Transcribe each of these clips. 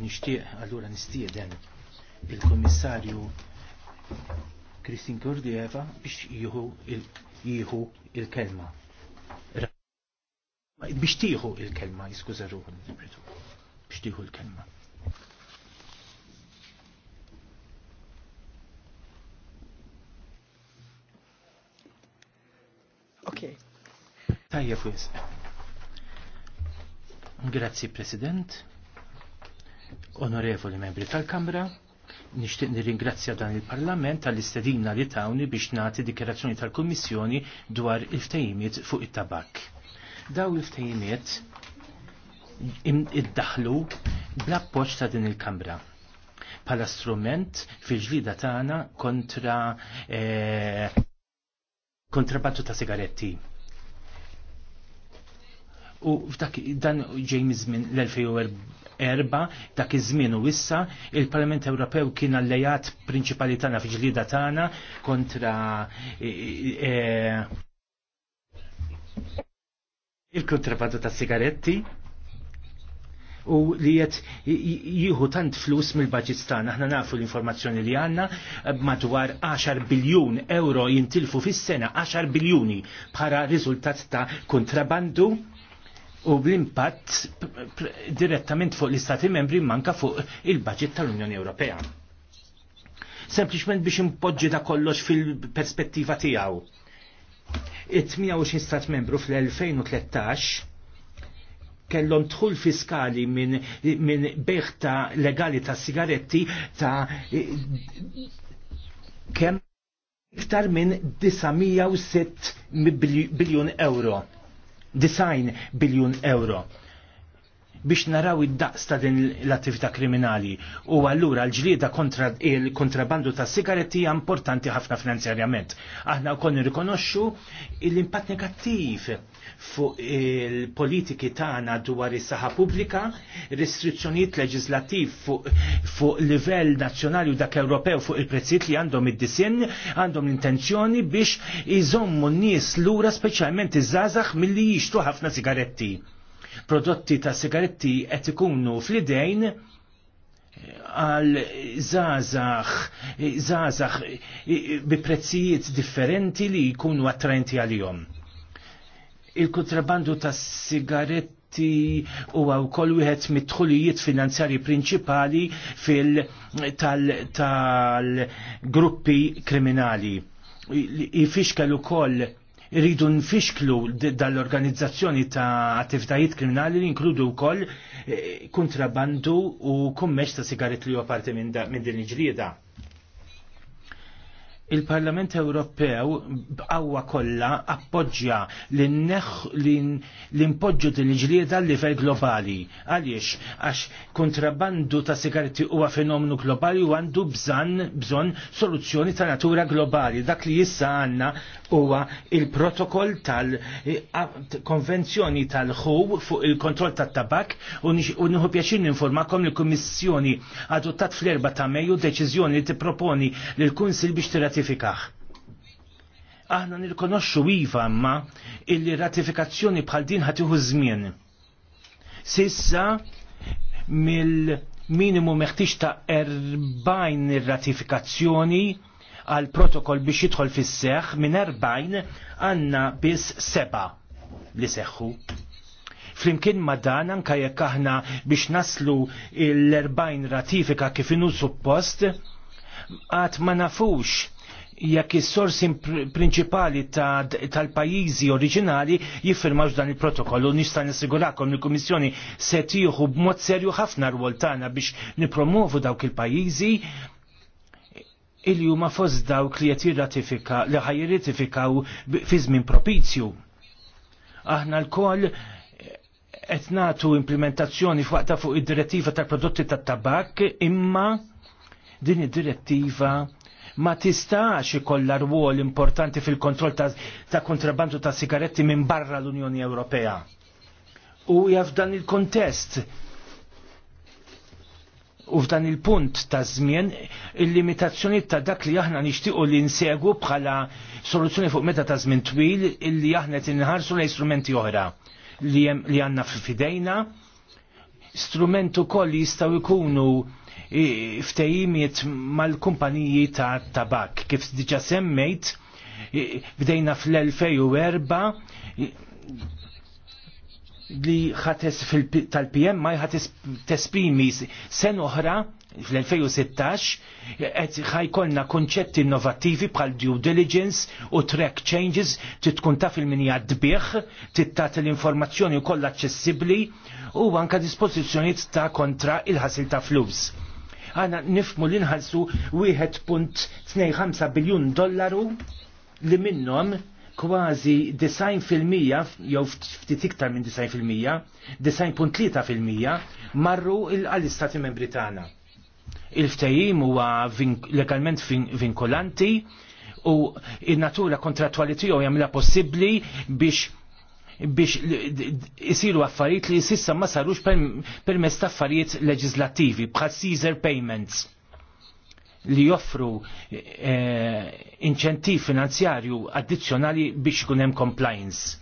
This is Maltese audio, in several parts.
nixtieq allura nistieden il-Komissarju Kristin Kordieva biex jieħu il-kelma. Biex tieħu il-kelma, jiskuża ruħu nibritu. Biex tieħu il-kelma. Ok. Tajja fwis. Grazzi President. Onorevoli membri tal-Kamra, nixtieq nirringrazzja dan il-Parlament tal-istedina li tawni biex nagħti dikjarazzjoni tal-Kummissjoni dwar il-ftejimiet fuq it-tabak. Daw il-ftejimiet iddaħlu bl-appoġġ ta' din il-Kamra pala strument fil-ġlida tagħna kontra eh, battu ta' sigaretti. U f'dak dan ġej minn l-2004 erba dak iż-żmien u issa il-Parlament Ewropew kien allejat prinċipali tagħna fiġlida tagħna kontra e, il-kontrabandu ta' sigaretti u li jiet jieħu tant flus mill-Baġistan. Aħna nafu l-informazzjoni li għanna madwar 10 biljun euro jintilfu fis-sena 10 biljuni bħala riżultat ta' kontrabandu u b'impatt direttament fuq l-Istati membri manka fuq il-budget tal-Unjoni Ewropea. Sempliċement biex impoġġi da kollox fil-perspettiva tiegħu. It-28 stat membru fl-2013 kellhom dħul fiskali minn min beħ ta' legali ta' sigaretti ta' kemm iktar minn 906 biljun euro design biljun euro biex naraw id-daqs ta' din l-attività kriminali. U allura l-ġlieda kontra il-kontrabandu ta' sigaretti hija importanti ħafna finanzjarjament. Aħna wkoll rikonoxxu l-impatt negattiv fuq il-politiki tagħna dwar is-saħħa pubblika, restrizzjonijiet leġislattiv fuq fu livell nazzjonali u dak Ewropew fuq il-prezzijiet li għandhom id-disinn, għandhom l-intenzjoni biex iżommu n-nies lura speċjalment iż-żgħażagħ milli jixtru ħafna sigaretti prodotti ta' sigaretti qed ikunu fl-idejn għal zazax, zazax bi prezzijiet differenti li jkunu attraenti għal-jom. Il-kontrabandu ta' sigaretti u għaw kol wieħed mitħulijiet finanzjari prinċipali fil tal-gruppi tal kriminali. Ifixkel ukoll Iridu nfixklu dal-organizzazzjoni ta' attivitajiet kriminali li inkludu wkoll eh, kontrabandu u kummex ta' sigaret li huwa parti minn din il-ġlieda il-Parlament Ewropew b'qawwa kollha appoġġja li neħ li npoġġu din ġlieda l livell globali. Għaliex għax kontrabbandu ta' sigaretti huwa fenomenu globali u għandu bżonn bżonn soluzzjoni ta' natura globali. Dak li issa għandna huwa il-protokoll tal-konvenzjoni tal-ħu fuq il-kontroll tat-tabak u nieħu pjaċin informakom li l-Kummissjoni adottat fl-erba ta' Mejju deċiżjoni li tipproponi lill-Kunsil biex tirati jirratifikaħ. Aħna nirkonoxxu iva imma illi ratifikazzjoni bħal din ħatiħu żmien. Sissa mill minimum meħtieġ ta' 40 ratifikazzjoni għal protokoll biex jidħol fis seħħ minn 40 għandna biss seba li seħħu. Flimkien ma dan anka jekk aħna biex naslu l-40 ratifika kif inhu suppost, qatt ma nafux jekk is-sorsi prinċipali tal-pajjiżi oriġinali jiffirmawx dan il-protokoll u nista' nissigurakom li kummissjoni se tieħu b'mod serju ħafna rwol tagħna biex nipromovu dawk il-pajjiżi il huma fost dawk li qed jirratifika li ħajjirratifikaw fi żmien propizju. Aħna l-koll qed nagħtu implementazzjoni fuqta fuq id-direttiva tal-prodotti tat-tabak imma din id-direttiva ma tistax ikollha rwol importanti fil-kontroll ta', ta ta' sigaretti minn barra l-Unjoni Ewropea. U jaf dan il-kontest u f'dan il-punt ta' żmien il-limitazzjoni ta' dak li aħna nixtiequ li nsegu bħala soluzzjoni fuq meta ta' żmien twil illi aħna qed inħarsu l istrumenti oħra li għandna f'idejna strument ukoll jistgħu jkunu ftejimiet mal-kumpaniji ta' tabak. Kif diġa semmejt, bdejna fl-2004 li ħates tal-PM ma jħates tesprimi sen oħra fl-2016 qed ħajkolna konċetti innovattivi bħal due diligence u track changes titkun taf il mini dbieħ, tittat l-informazzjoni kolla aċċessibbli u għanka dispożizzjonijiet ta' kontra il-ħasil ta' flus. Għana nifmu li nħallsu 1.25 biljun dollaru li minnom kważi 90% jew ftit iktar minn 90%, 90.3% marru għall-Istati Membri tagħna. Il-ftehim huwa legalment vinkolanti u in-natura kontratwali tiegħu jagħmilha possibbli biex biex isiru affarijiet li sissa ma sarux permess ta' affarijiet leġislattivi bħal Caesar Payments li joffru eh, inċentiv finanzjarju addizzjonali biex kunem compliance.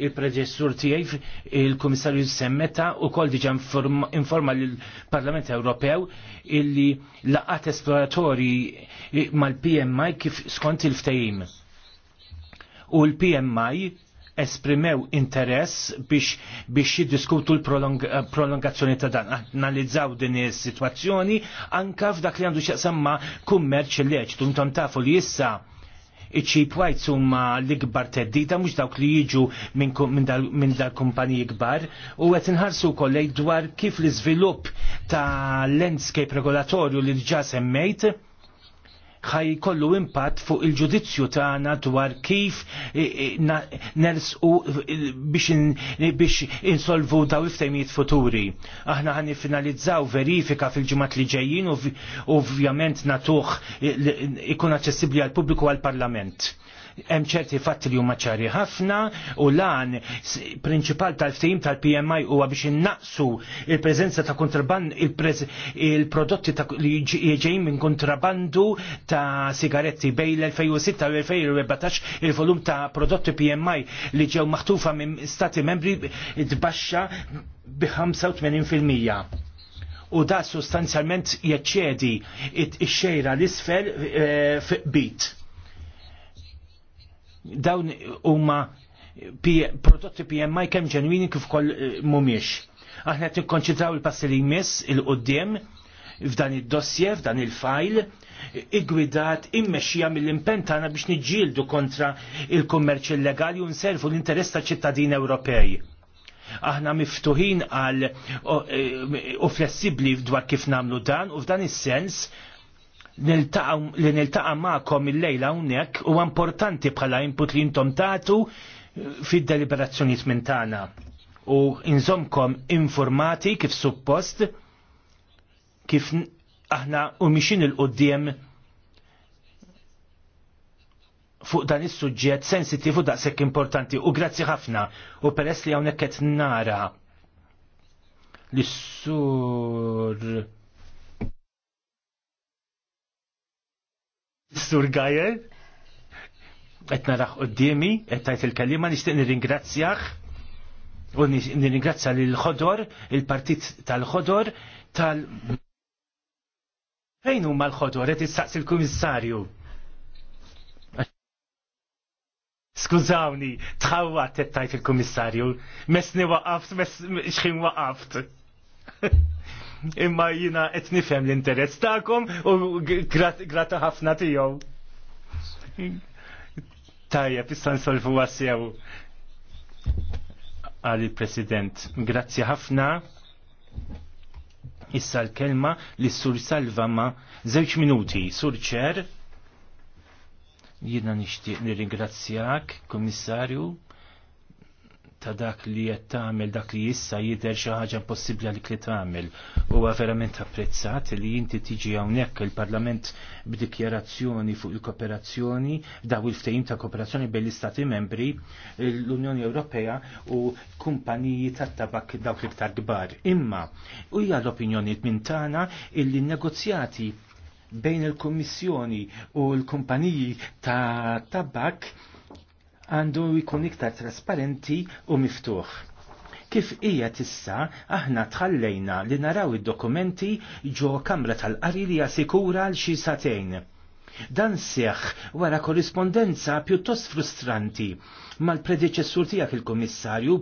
Il-preġessur tiegħi il-Kummissarju Semmeta u kol diġan informa l-Parlament Ewropew illi laqat esploratori mal-PMI kif skont il-ftehim. U l-PMI esprimew interess biex biex jiddiskutu l-prolongazzjoni eh, ta' dan. Analizzaw din is-sitwazzjoni anka f'dak li għandu xaqsamma kummerċ leċ, intom tafu li issa iċ għajt summa huma l-ikbar teddita mhux dawk li jiġu minn dal kumpaniji kbar u qed inħarsu kollej dwar kif l-iżvilupp ta' landscape regolatorju li ġa semmejt ħaj kollu impatt fuq il-ġudizzju tagħna dwar kif nersqu biex insolvu daw iftejmijiet futuri. Aħna ħan finalizzaw verifika fil-ġimgħat li ġejjin u ovvjament natuħ ikun aċċessibbli għal pubbliku għal parlament hemm ċerti fatti li huma ċari ħafna u lan prinċipal tal-ftim tal-PMI huwa biex innaqsu il-preżenza ta' kontraband il-prodotti li jiġejjin minn kontrabandu ta' sigaretti bejn l-2006 u l-2014 il-volum ta' prodotti PMI li ġew maħtufa minn stati membri tbaxxa bi 85% u da sostanzjalment jeċċedi ix-xejra l-isfel eh, bit dawn huma prodotti PMI kemm ġenwini kif ukoll eh, mhumiex. Aħna qed nikkonċentraw il-passi li jmiss il-qudiem f'dan id-dossier, f'dan il-fajl, igwidat immexxija mill impentana tagħna biex niġġieldu kontra il-kummerċ illegali u nservu l-interess ta' ċittadini Ewropej. Aħna miftuħin għal eh, u flessibli dwar kif namlu dan u f'dan is-sens Um, li nil-taqa maqom il-lejla hawnhekk huwa importanti bħala input li intom tagħtu eh, fid-deliberazzjonijiet minn tagħna u inżomkom informati kif suppost kif aħna u mixin il-qoddim fuq dan is suġġett sensitiv u daqshekk importanti u grazzi ħafna u peress li hawnhekk qed nara L'issur. sur Sur Gajer, qed naraħ qudiemi, qed tajt il-kelliema nixtieq nirringrazzjah u nirringrazzja l ħodor il-partit tal-ħodor tal Fejn huma l-ħodor qed issaqsi il kummissarju Skużawni, tħawwat qed tajt il-kummissarju, mesni waqaft, mes x'ħin waqaft. imma jina qed nifhem l-interess tagħkom u grata ħafna tiegħu. Tajja, issa nsolvu għassew għal president Grazzi ħafna. Issa l-kelma li sur salva ma żewġ minuti. Sur ċer, jina nixtieq nirringrazzjak, komissarju, ta' dak li qed tagħmel dak li issa jidher xi ħaġa impossibbli għalik li tagħmel. Huwa verament apprezzat li inti tiġi hawnhekk il-Parlament b'dikjerazzjoni fuq il-kooperazzjoni daw il-ftehim ta' kooperazzjoni bejn l-Istati Membri, l-Unjoni Ewropea u kumpaniji tat-tabak dawk l-iktar kbar. Imma hija l-opinjoni minn tagħna illi negozjati bejn il-Kummissjoni u l-kumpaniji ta' tabak għandu jkun iktar trasparenti u miftuħ. Kif hija tissa aħna tħallejna li naraw id-dokumenti ġo kamra tal-qari li jasikura għal xi satejn. Dan seħ wara korrispondenza pjuttost frustranti mal-predeċessur tijak il-komissarju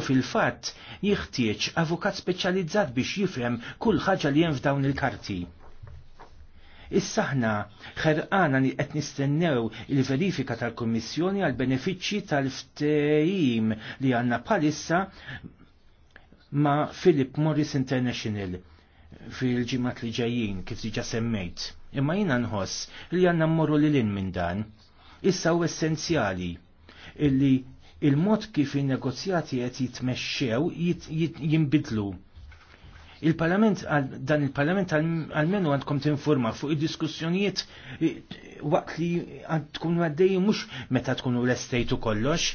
u fil-fat jiħtieġ avukat speċjalizzat biex jifhem kull ħaġa li hemm f'dawn il-karti. Issa ħna ħerqana li qed nistennew il-verifika tal-Kummissjoni għal benefiċċji tal-ftehim li għandna bħalissa ma' Philip Morris International fil-ġimat li ġajjin kif diġa semmejt. Imma jiena nħoss li għandna mmorru lil lin minn dan. Issa hu essenzjali illi il-mod kif in negozjati qed jitmexxew jinbidlu. Jit, jit, Il-Parlament dan il-Parlament għalmenu għandkom t-informa fuq id-diskussjonijiet waqt li għandkom għaddeji mhux meta tkunu l-estejtu kollox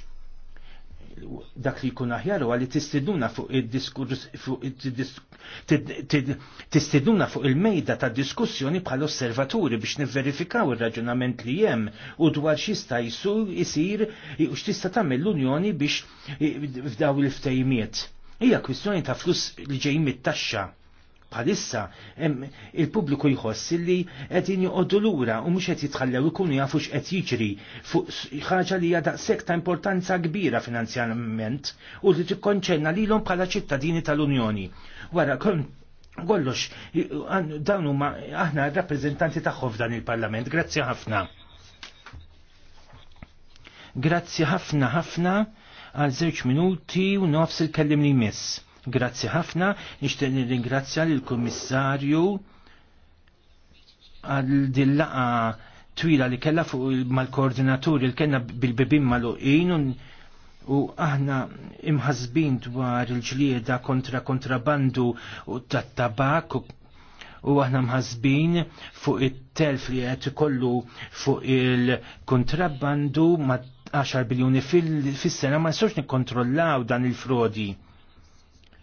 dak li jkun aħjar u għalli istiduna fuq il-diskurs t-istiduna fuq il-mejda ta' diskussjoni bħal osservaturi biex nivverifikaw il-raġunament li jem u dwar xista jisir u xtista tagħmel l-Unjoni biex f'daw il-ftejmiet Hija kwistjoni ta' flus li ġej mit-taxxa. Bħalissa il-pubbliku jħoss li qegħdin joqogħdu lura u mhux qed jitħallew ikunu jafu x'qed jiġri fuq ħaġa li hija daqshekk ta' importanza kbira finanzjament u li tikkonċenna lilhom bħala ċittadini tal-Unjoni. Wara kollox dawn huma aħna r-rappreżentanti tagħhom f'dan il-Parlament. Grazzi ħafna. Grazzi ħafna ħafna għal żewġ minuti u nofs il-kellim li miss. Grazzi ħafna, nixtieq nirringrazzja lill kummissarju għal dillaqa twila li kella fuq mal-koordinaturi li kellna bil-bibim mal-uqin u aħna imħazbin dwar il-ġlieda kontra kontrabandu u tat-tabak u aħna mħazbin fuq it-telf li qed ikollu fuq il kontrabandu ma' 10 biljuni fil-sena ma nistgħux nikkontrollaw dan il-frodi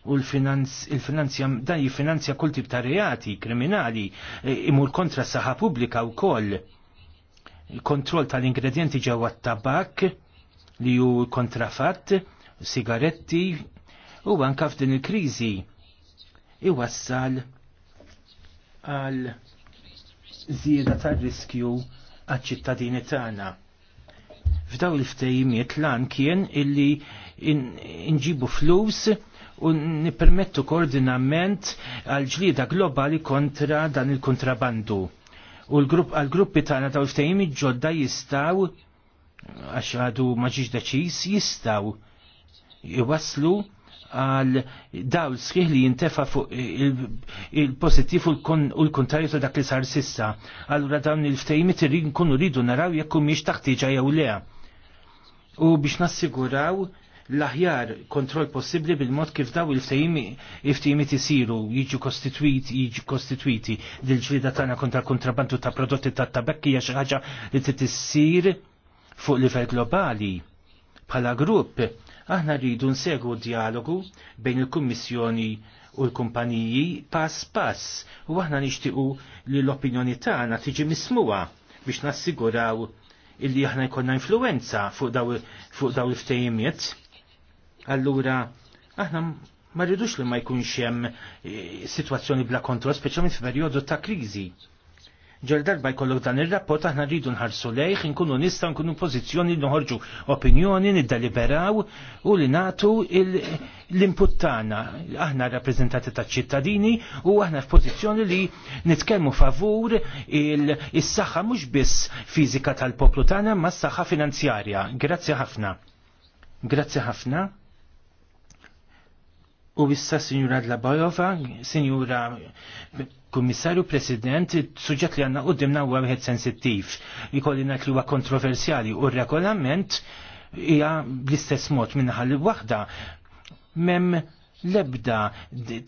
u l-finanzja dan jiffinanzja kull tip ta' reati kriminali e, imur kontra saħa pubblika wkoll. Kontroll tal-ingredienti ġewwa t-tabak li hu kontrafatt, sigaretti u anka f'din il-kriżi iwassal għal zieda tar-riskju għal ċittadini tagħna F'daw il-ftejimiet lan kien illi nġibu flus u nipermettu koordinament għal ġlida globali kontra dan il-kontrabandu. U l gruppi tagħna daw l ftejim ġodda jistaw, għax għadu maġiġ deċis, jistaw jwaslu għal daw sħiħ li jintefa fuq il-pozittiv u l kontarju ta' dak li sar sissa. Allura dawn il-ftejmit irrid nkunu rridu naraw jekk miex taħtiġa jew leha u biex nassiguraw l-aħjar kontroll possibli bil-mod kif daw il-ftejimit isiru jiġu kostituiti, jiġu kostituiti dil-ġlida tagħna kontra kontrabandu ta' prodotti ta' tabekki hija xi ħaġa li titissir fuq livell globali. Bħala grupp, aħna rridu nsegwu dialogu bejn il-Kummissjoni u l-kumpaniji pass pass u aħna nixtiequ li l-opinjoni tagħna tiġi mismuwa biex nassiguraw illi aħna jkollna influenza fuq daw il-ftejimiet. Allura, aħna ma rridux li ma jkunx hemm eh, sitwazzjoni bla kontroll, speċjalment f'perjodu ta' kriżi ġer darba jkollok dan ir-rapport aħna rridu nħarsu lejh, nkunu nista' nkunu pożizzjoni noħorġu opinjoni niddeliberaw u li nagħtu l-input tagħna. Aħna rappreżentati taċ-ċittadini u aħna f'pożizzjoni li nitkellmu favur is-saħħa mhux biss fiżika tal-poplu tagħna ma s-saħħa finanzjarja. Grazzi ħafna. Grazzi ħafna. U issa Sinjura Dlabajova, Sinjura Kummissarju President, suġġett li għanna qoddimna huwa wieħed sensittiv. Ikolli ngħid li huwa kontroversjali u r-regolament hija bl-istess mod minnaħa li waħda mem lebda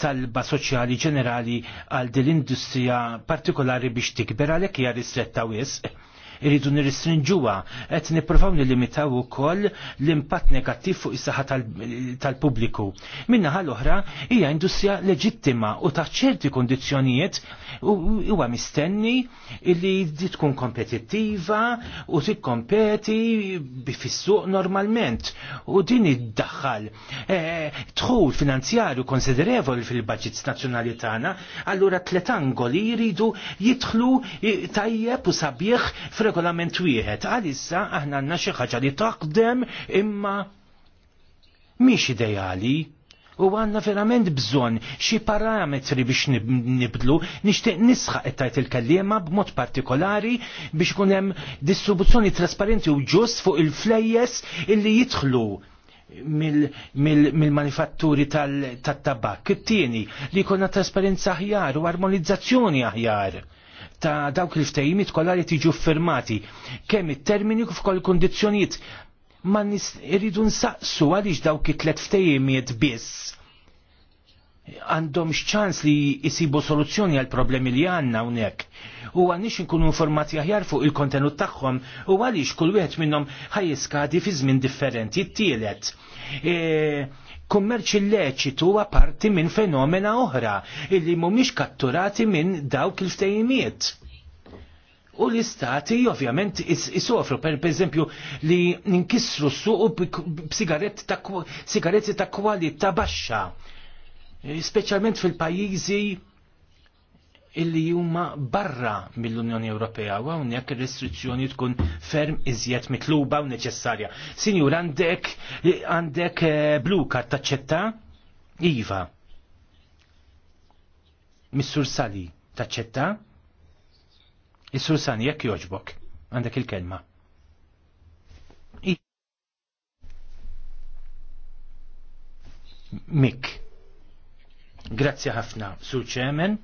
talba soċjali ġenerali għal din l-industrija partikolari biex tikber għalhekk hija ristretta wisq irridu nirrestrinġuha qed nippruvaw nilimitaw ukoll l-impatt negattiv fuq is-saħħa tal-pubbliku. Minna l-oħra hija industrija leġittima u ta' ċerti kondizzjonijiet huwa mistenni li tkun kompetittiva u tikkompeti bifissuq normalment u din iddaħħal eh, tħul finanzjarju konsiderevoli fil-budgets nazzjonali tagħna, allura tletangoli jridu jidħlu tajjeb u sabieħ regolament wieħed għalissa aħna għandna xi ħaġa li taqdem imma mhix ideali u għanna verament bżon xi parametri biex nibdlu, nixtieq nisħaq qed il kelliema b'mod partikolari biex ikun hemm distribuzzjoni trasparenti u ġust fuq il-flejjes illi jidħlu mill-manifatturi tal-tabak. It-tieni li jkollna trasparenza aħjar u armonizzazzjoni aħjar ta' dawk il-ftejimit kollha li tiġu firmati. Kemm it-termini kif kol kondizzjonijiet ma irridu nsaqsu għaliex dawk it-tlet ftejimiet biss għandhom xċans li jisibu soluzzjoni għal problemi li għanna unek. U għannix nkunu informati aħjar fuq il-kontenut tagħhom u għaliex kull wieħed minnhom ħajjiskadi fi żmien differenti. T-tielet. E kummerċ illeċitu huwa parti minn fenomena oħra illi mhumiex katturati minn dawk il ftejmiet U l-istati ovvjament isofru per eżempju li ninkissru s-suq b'sigaretti ta' kwalità baxxa, e, speċjalment fil-pajjiżi illi huma barra mill-Unjoni Ewropea u hawnhekk ir-restrizzjoni tkun ferm iżjed mitluba u neċessarja. Sinjur għandek għandek eh, blu kart taċċetta? Iva. Missur Sali, taċċetta? Is-Sur Sani jekk joġbok, għandek il-kelma. Mik. Grazzi ħafna, Sur Chairman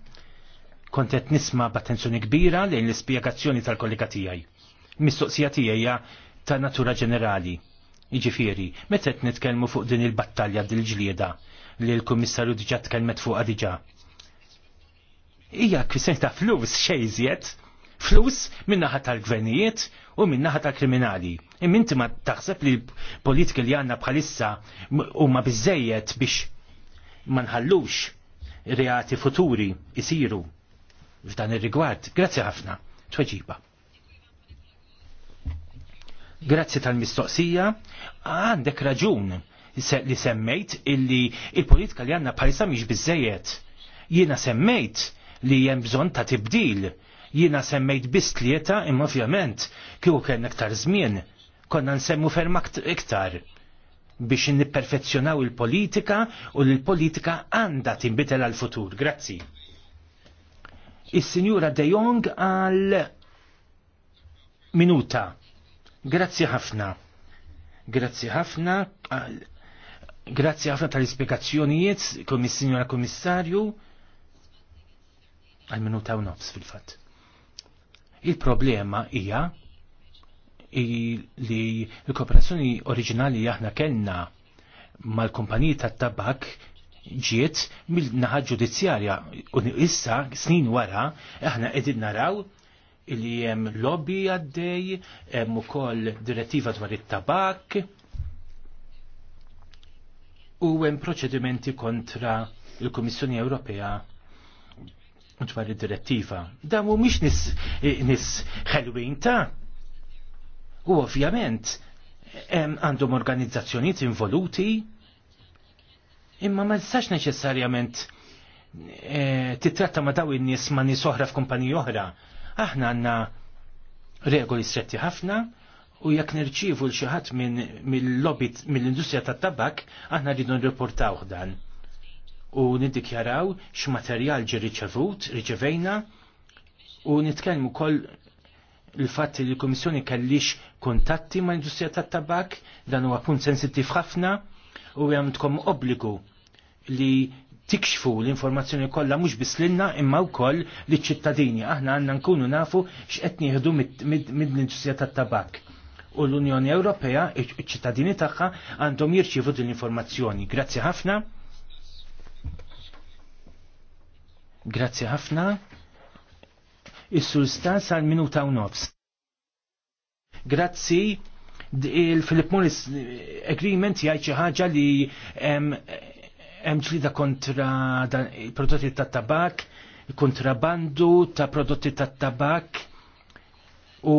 kontet nisma b'attenzjoni kbira lejn l-ispjegazzjoni tal-kollega tiegħi. Mistoqsija tiegħi ta' natura ġenerali. Iġifieri, meta qed nitkellmu fuq din il-battalja dil-ġlieda li l-Kummissarju diġà tkellmet fuqha diġà. Hija kwissjoni ta' flus xejżiet, flus minnaħa tal-gvernijiet u minnaħa tal-kriminali. Imminti ma taħseb li l-politika li għandna bħalissa huma biżejjed biex ma nħallux reati futuri isiru f'dan ir-rigward. Grazzi ħafna. Tweġiba. Grazzi tal-mistoqsija. Għandek raġun li semmejt illi il-politika li għanna parisa miex bizzejiet. Jiena semmejt li jem bżon ta' tibdil. Jiena semmejt biss tlieta imma ovvjament kieku kellna iktar żmien konna nsemmu ferm iktar biex nipperfezzjonaw il-politika u l-politika għandha timbitel għal-futur. Grazzi. Is-Sinjura De Jong għal minuta. Grazzi ħafna. Grazzi ħafna Grazzi ħafna tal-ispiegazzjonijiet, komissinjura komissarju, għal minuta u nofs fil-fat. Il-problema hija li l-kooperazzjoni oriġinali aħna kellna mal-kumpaniji tat-tabak ġiet mill-naħa ġudizzjarja u issa snin wara aħna qegħdin naraw li hemm lobby għaddej, hemm ukoll direttiva dwar it-tabak u hemm proċedimenti kontra il-Kummissjoni Ewropea dwar id-direttiva. Da mhumiex nis, nis ħelwin ta' u ovvjament għandhom organizzazzjonijiet involuti imma ma nistax neċessarjament eh, titratta ma daw in-nies ma nies oħra f'kumpaniji oħra. Aħna għandna regoli stretti ħafna u jekk nirċievu l xi ħadd mill-lobby mill-industrija tat-tabak, aħna rridu nirreportaw dan. U niddikjaraw x'materjal ġi riċevut, riċevejna, u nitkellmu wkoll il-fatt li l-Kummissjoni kellix kontatti mal industrija tat-tabak, dan huwa punt sensittiv ħafna u għamtkom obbligu li tikxfu l-informazzjoni kollha mhux biss lilna imma wkoll liċ-ċittadini. Aħna għandna nkunu nafu x'qed nieħdu mill-industrija tat-tabak. U l-Unjoni Ewropea, iċ-ċittadini tagħha għandhom jirċievu din l-informazzjoni. Grazzi ħafna. Grazzi ħafna. Is-sur stas għal minuta u nofs. Grazzi il-Philip Morris eh, Agreement jgħid xi ħaġa li hemm ġlida kontra prodotti tat-tabak, kontrabandu ta' prodotti tat-tabak u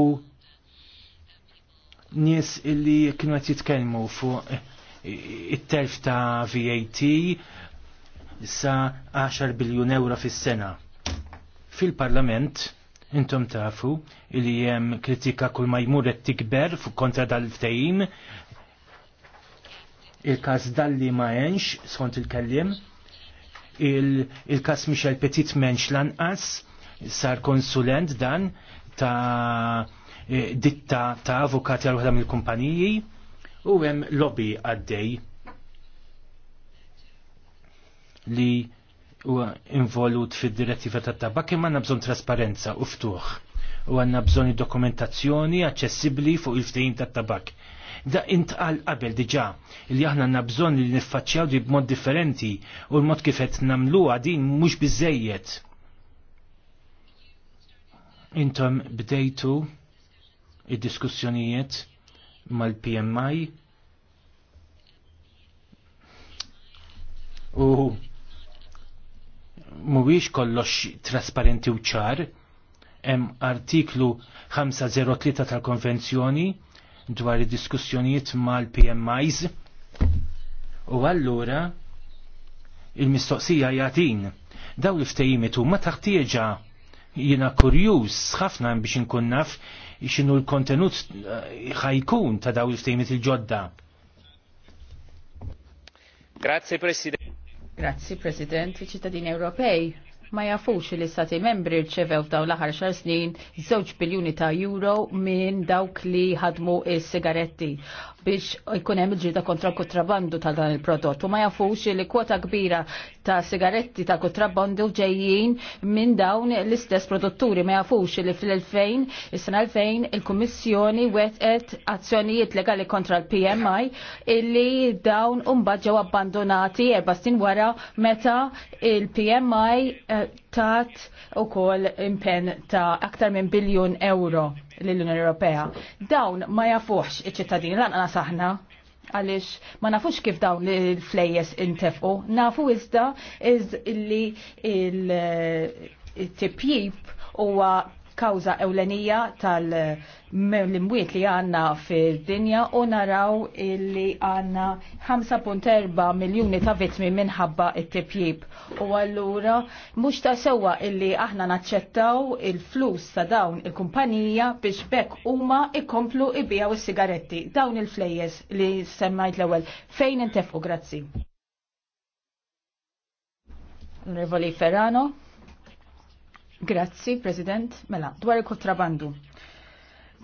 nies illi kienu qed jitkellmu fuq it-telf ta' VAT sa 10 biljun euro fis-sena. Fil-Parlament intom tafu li hemm kritika kull ma jmur qed tikber fuq kontra dal-ftehim il-kas dalli ma jenx, skont il-kellim, il-kas Michel Petit menx lanqas, sar konsulent dan ta' e, ditta ta' avukati għal mill kumpaniji u hemm lobby għaddej li huwa involut fid-direttiva tat-tabak imma għandna trasparenza u ftuħ u għanna bżon dokumentazzjoni aċċessibbli fuq il ftejn tat-tabak. Da intqal qabel diġà li aħna nabżon li niffaċċjaw di b'mod differenti u l-mod kif qed nagħmluha din mhux biżejjed. Intom bdejtu id-diskussjonijiet mal-PMI u mhuwiex kollox trasparenti u ċar hemm artiklu 503 tal-konvenzjoni dwar id-diskussjonijiet mal-PMIs u allura il-mistoqsija jatin daw l-ftejimiet huma taħtieġa jiena kurjuż ħafna biex inkun naf x'inhu l-kontenut eh, ħajkun ta' daw l-ftejimiet il-ġodda. Grazie President. Grazie President, ċittadini Ewropej ma jafux li stati membri rċevew daw l-aħħar xar snin żewġ biljuni ta' euro minn dawk li ħadmu il sigaretti biex jkun hemm ġrida kontra kontrabandu ta' dan il-prodott u ma jafux li kwota kbira ta' sigaretti ta' kontrabbandu ġejjin minn dawn l-istess produtturi. Ma jafux li fl-2000, is-sena 2000, il-Kummissjoni wetqet azzjonijiet legali kontra l-PMI illi dawn umbad ġew abbandonati erba' snin wara meta il-PMI eh, tat ukoll impenn ta' aktar minn biljun euro l-Unjoni Ewropea. Dawn ma jafux iċ-ċittadini lanqas aħna għalix ma nafux kif dawn il-flejjes intefqu, nafu iżda iż illi il-tipjib huwa kawza ewlenija tal-imwiet li għanna fil-dinja u naraw li għanna 5.4 miljoni ta' vittmi minħabba it tipjib U għallura mux ta' sewa illi aħna naċċettaw il-flus ta' dawn il-kumpanija biex bekk huma ikomplu ibijaw is-sigaretti. Dawn il flejes li semmajt l-ewel. Fejn intefu, grazzi. Onorevoli Ferrano. Grazzi, President. Mela, dwar il-kontrabandu.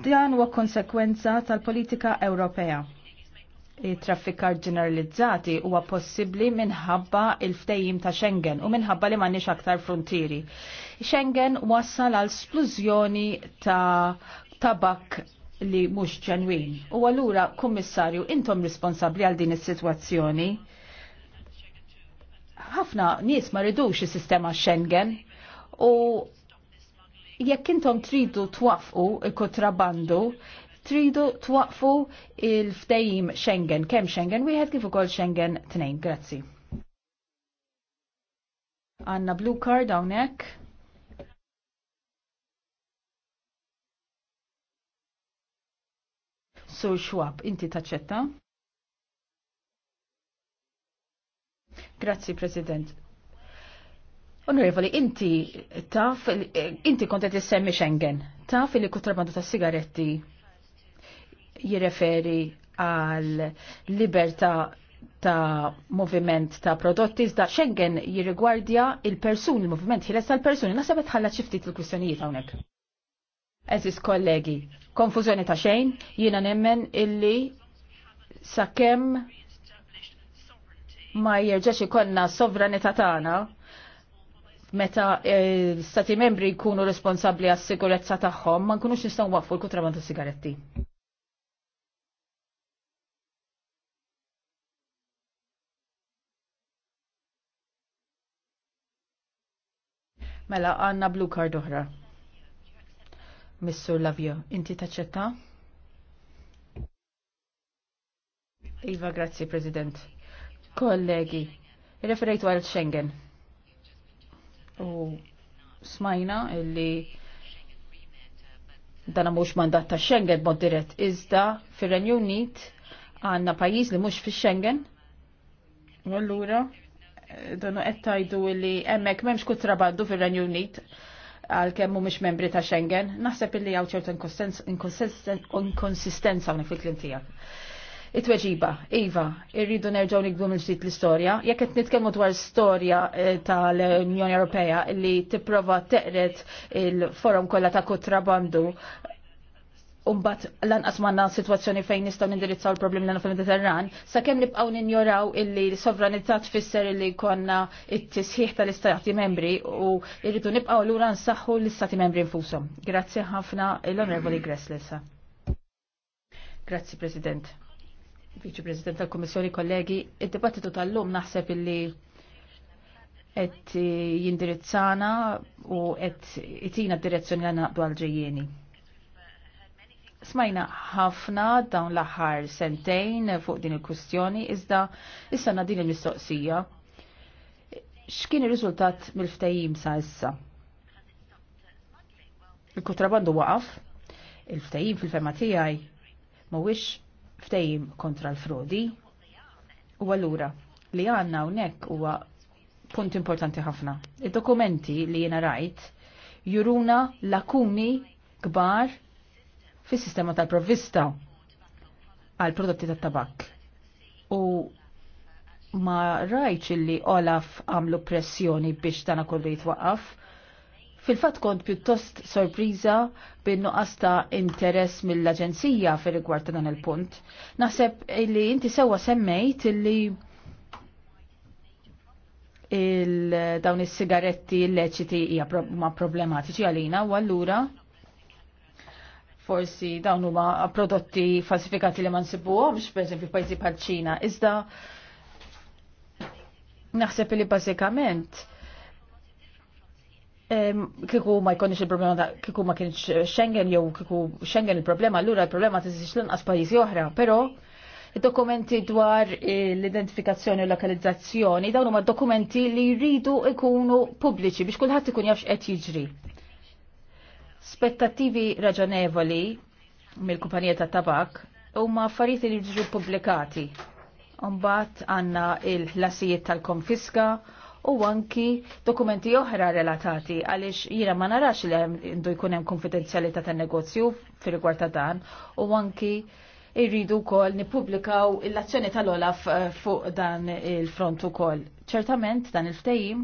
Dan huwa konsekwenza tal-politika Ewropea. Il-traffikar ġeneralizzati huwa possibbli minħabba il-ftejjim ta' Schengen u minħabba li m'għandniex aktar frontieri. Schengen wassal għal splużjoni ta' tabak li mhux ġenwin. U allura, kummissarju, intom responsabbli għal din is-sitwazzjoni. Ħafna nies ma ridux is-sistema Schengen, u jekk intom tridu twaqfu il-kontrabandu, tridu twaqfu il-ftejim Schengen, kemm Schengen wieħed kif ukoll Schengen tnejn. Grazzi. Għanna blue card dawnek. Sur Schwab, inti taċċetta? Grazzi, President Onorevoli, inti taf, inti kontet semmi Schengen, taf li kutrabandu ta' sigaretti jireferi għal libertà ta' moviment ta' prodotti, iżda Schengen jirrigwardja il-persuni, il-moviment ħiles tal-persuni, nasabet ħalla ċiftit il-kwistjonijiet hawnhekk. Eżis kollegi, konfużjoni ta' xejn, jiena nemmen illi sakemm ma jerġax konna sovranità tagħna meta l-stati eh, membri jkunu responsabli għas sigurezza tagħhom ma nkunux nistgħu waqfu l-kutraband ta' sigaretti. Mela għanna blue kard oħra. Missur Lavio, inti taċċetta? Iva, grazzi, President. Kollegi, referejtu għal Schengen u smajna illi dana mhux mandat ta' Schengen mod dirett iżda fir-Renju Unit għandna pajjiż li mhux fix-Schengen. Allura eh, donu qed tgħidu li hemmhekk m'hemmx kutrabaddu fir-Renju Unit għalkemm mhumiex membri ta' Schengen, naħseb illi hawn ċertu inkonsistenza hawnhekk l-intijak tiegħek. It-tweġiba, Iva, irridu nerġaw nikbu mill sit l-istorja. Jekk qed nitkellmu dwar storja eh, tal-Unjoni Ewropea li tipprova teqret il-forum kollha ta' kontrabandu Umbat lanqas manna situazzjoni fejn nistgħu nindirizzaw il-problemi l fil-Mediterran, sakemm nibqgħu ninjoraw illi sovranità tfisser illi konna it-tisħiħ tal-Istati membri u irridu nibqgħu lura nsaħħu l-Istati membri nfushom. Grazzi ħafna l-Onorevoli Gresslessa. Grazzi President. Viċi President tal-Kommissjoni, kollegi, id-dibattitu tal-lum naħseb illi qed jindirizzana u qed itina d-direzzjoni li naqdu għal-ġejjieni. Smajna ħafna dawn l-aħħar sentejn fuq din il-kwistjoni iżda issa din il-mistoqsija. X'kien ir-riżultat mill-ftehim sa issa? il kutrabandu waqaf, il-ftehim fil ferma tiegħi mhuwiex ftejim kontra l-frodi. U allura li għanna unnek huwa punt importanti ħafna. il dokumenti li jena rajt juruna lakuni kbar fis sistema tal-provvista għal prodotti tat tabak U ma rajċ li Olaf għamlu pressjoni biex dana kollu jitwaqaf Fil-fat kont pjuttost sorpriża bin nuqasta interess mill-Aġenzija fir rigward ta' dan il-punt. Naħseb li inti sewwa semmejt li il dawn is-sigaretti illeċiti hija ma problematiċi għalina u allura forsi dawn huma prodotti falsifikati li ma nsibuhomx pereżempju f'pajjiżi bħal Ċina. Iżda naħseb li bażikament kiku ma jkonix il-problema ta' kiku ma kienx eh, Schengen jew kiku Schengen il-problema, allura il-problema tisix lanqas pajjiżi oħra, però dokumenti dwar eh, l-identifikazzjoni u lokalizzazzjoni dawn huma dokumenti li jridu ikunu pubbliċi biex kulħadd ikun jafx qed jiġri. Spettattivi raġonevoli mill-kumpanija ta' tabak huma affarijiet li jiġu pubblikati. Umbagħad għandna il-ħlasijiet tal-konfiska, u anki dokumenti oħra relatati għaliex jiena ma narax li għandu jkun hemm konfidenzjalità tan-negozju fir-rigward ta' dan u anki irridu wkoll nippubblikaw l-azzjoni tal-Olaf eh, fuq dan il-front ukoll. Ċertament dan il-ftehim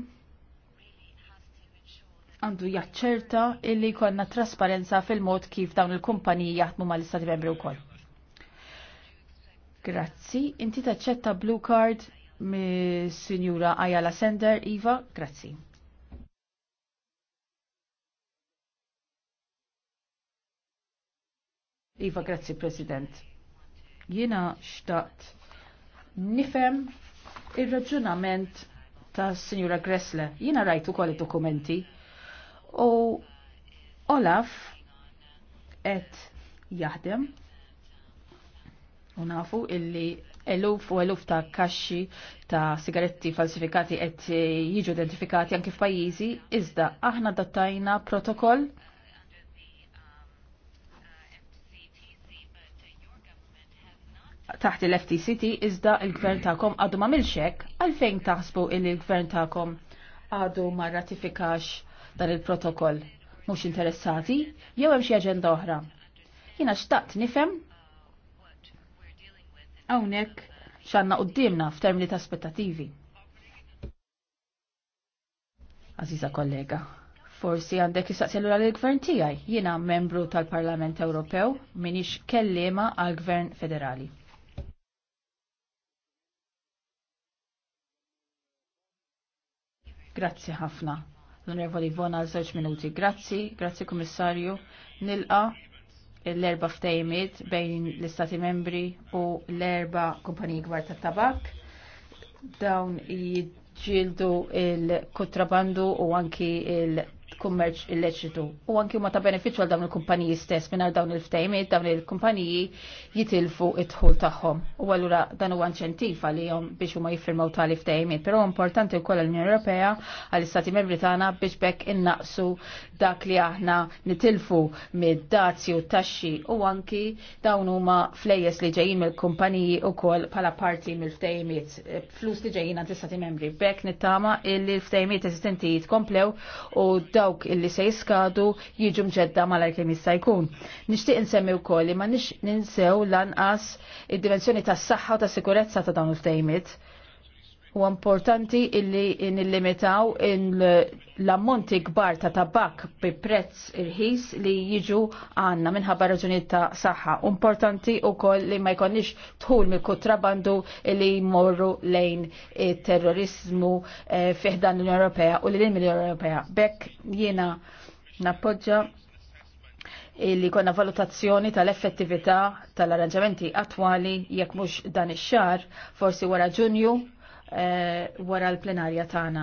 għandu jaċċerta illi jkollna trasparenza fil-mod kif dawn il-kumpaniji jaħdmu mal-Istati Membri wkoll. Grazzi, inti taċċetta blue card mi Sinjura Ayala Sender. Iva, grazzi. Iva, grazzi, President. Jena xtaqt nifem il-raġunament ta' Signora Gressle. Jena rajtu kol dokumenti u Olaf et jaħdem u nafu illi eluf u eluf ta' kaxxi ta' sigaretti falsifikati qed jiġu identifikati anke f'pajjiżi, iżda aħna dattajna protokoll taħt il-FTCT iżda il-gvern ta'kom għadu ma' milxek għalfejn taħsbu il-gvern ta'kom għadu ma' ratifikax dan il-protokoll mux interessati jew hemm xi aġenda oħra. Jiena xtaqt nifhem Hawnhekk x'għandna qudiemna f'termini ta' aspettativi. Aziza kollega, forsi għandek jistaqselu l gvern tijaj, jina membru tal-Parlament Ewropew, minix kellima għal-gvern federali. Grazzi ħafna. L-Onorevoli Vona, żewġ minuti. Grazzi, grazzi Kummissarju. Nilqa l-erba ftejmit bejn l-istati membri u l-erba kumpaniji gwar ta' tabak. Dawn jidġildu il-kontrabandu u anki il kummerċ illeċitu. U anki ma ta' beneficju għal dawn il-kumpaniji stess minn dawn il-ftejmiet, dawn il-kumpaniji jitilfu it-tħul tagħhom. U allura dan huwa inċentiv għalihom biex huma jiffirmaw tali ftejmiet, però importanti wkoll l-Unjoni Ewropea għall-Istati Membri tagħna biex bekk innaqsu dak li aħna nitilfu mid u taxxi u anki dawn huma flejjes li ġejjin mill-kumpaniji ukoll bħala parti mill-ftejmiet, eh, flus li ġejjin għall-Istati Membri. Bekk nittama illi l-ftejmiet eżistenti jitkomplew u daw dawk illi se jiskadu jiġu mġedda mal-għar kemm jista' jkun. Nixtieq insemmi wkoll li ma nix ninsew lanqas id-dimensjoni tas-saħħa u ta' sikurezza ta' dawn il tejmit U importanti illi nillimitaw l-ammonti kbar ta' tabak bi prezz irħis li jiġu għanna minħabba raġunijiet ta' saħħa. Importanti u koll li ma jkonniex tħul mill kutrabandu li jmorru lejn terrorizmu eh, fiħdan l-Unjoni Ewropea u li l unjoni Ewropea. Bekk jiena nappoġġa li konna valutazzjoni tal-effettività tal-arranġamenti attwali jekk mhux dan ix-xar, forsi wara Ġunju Eh, wara l-plenarja tagħna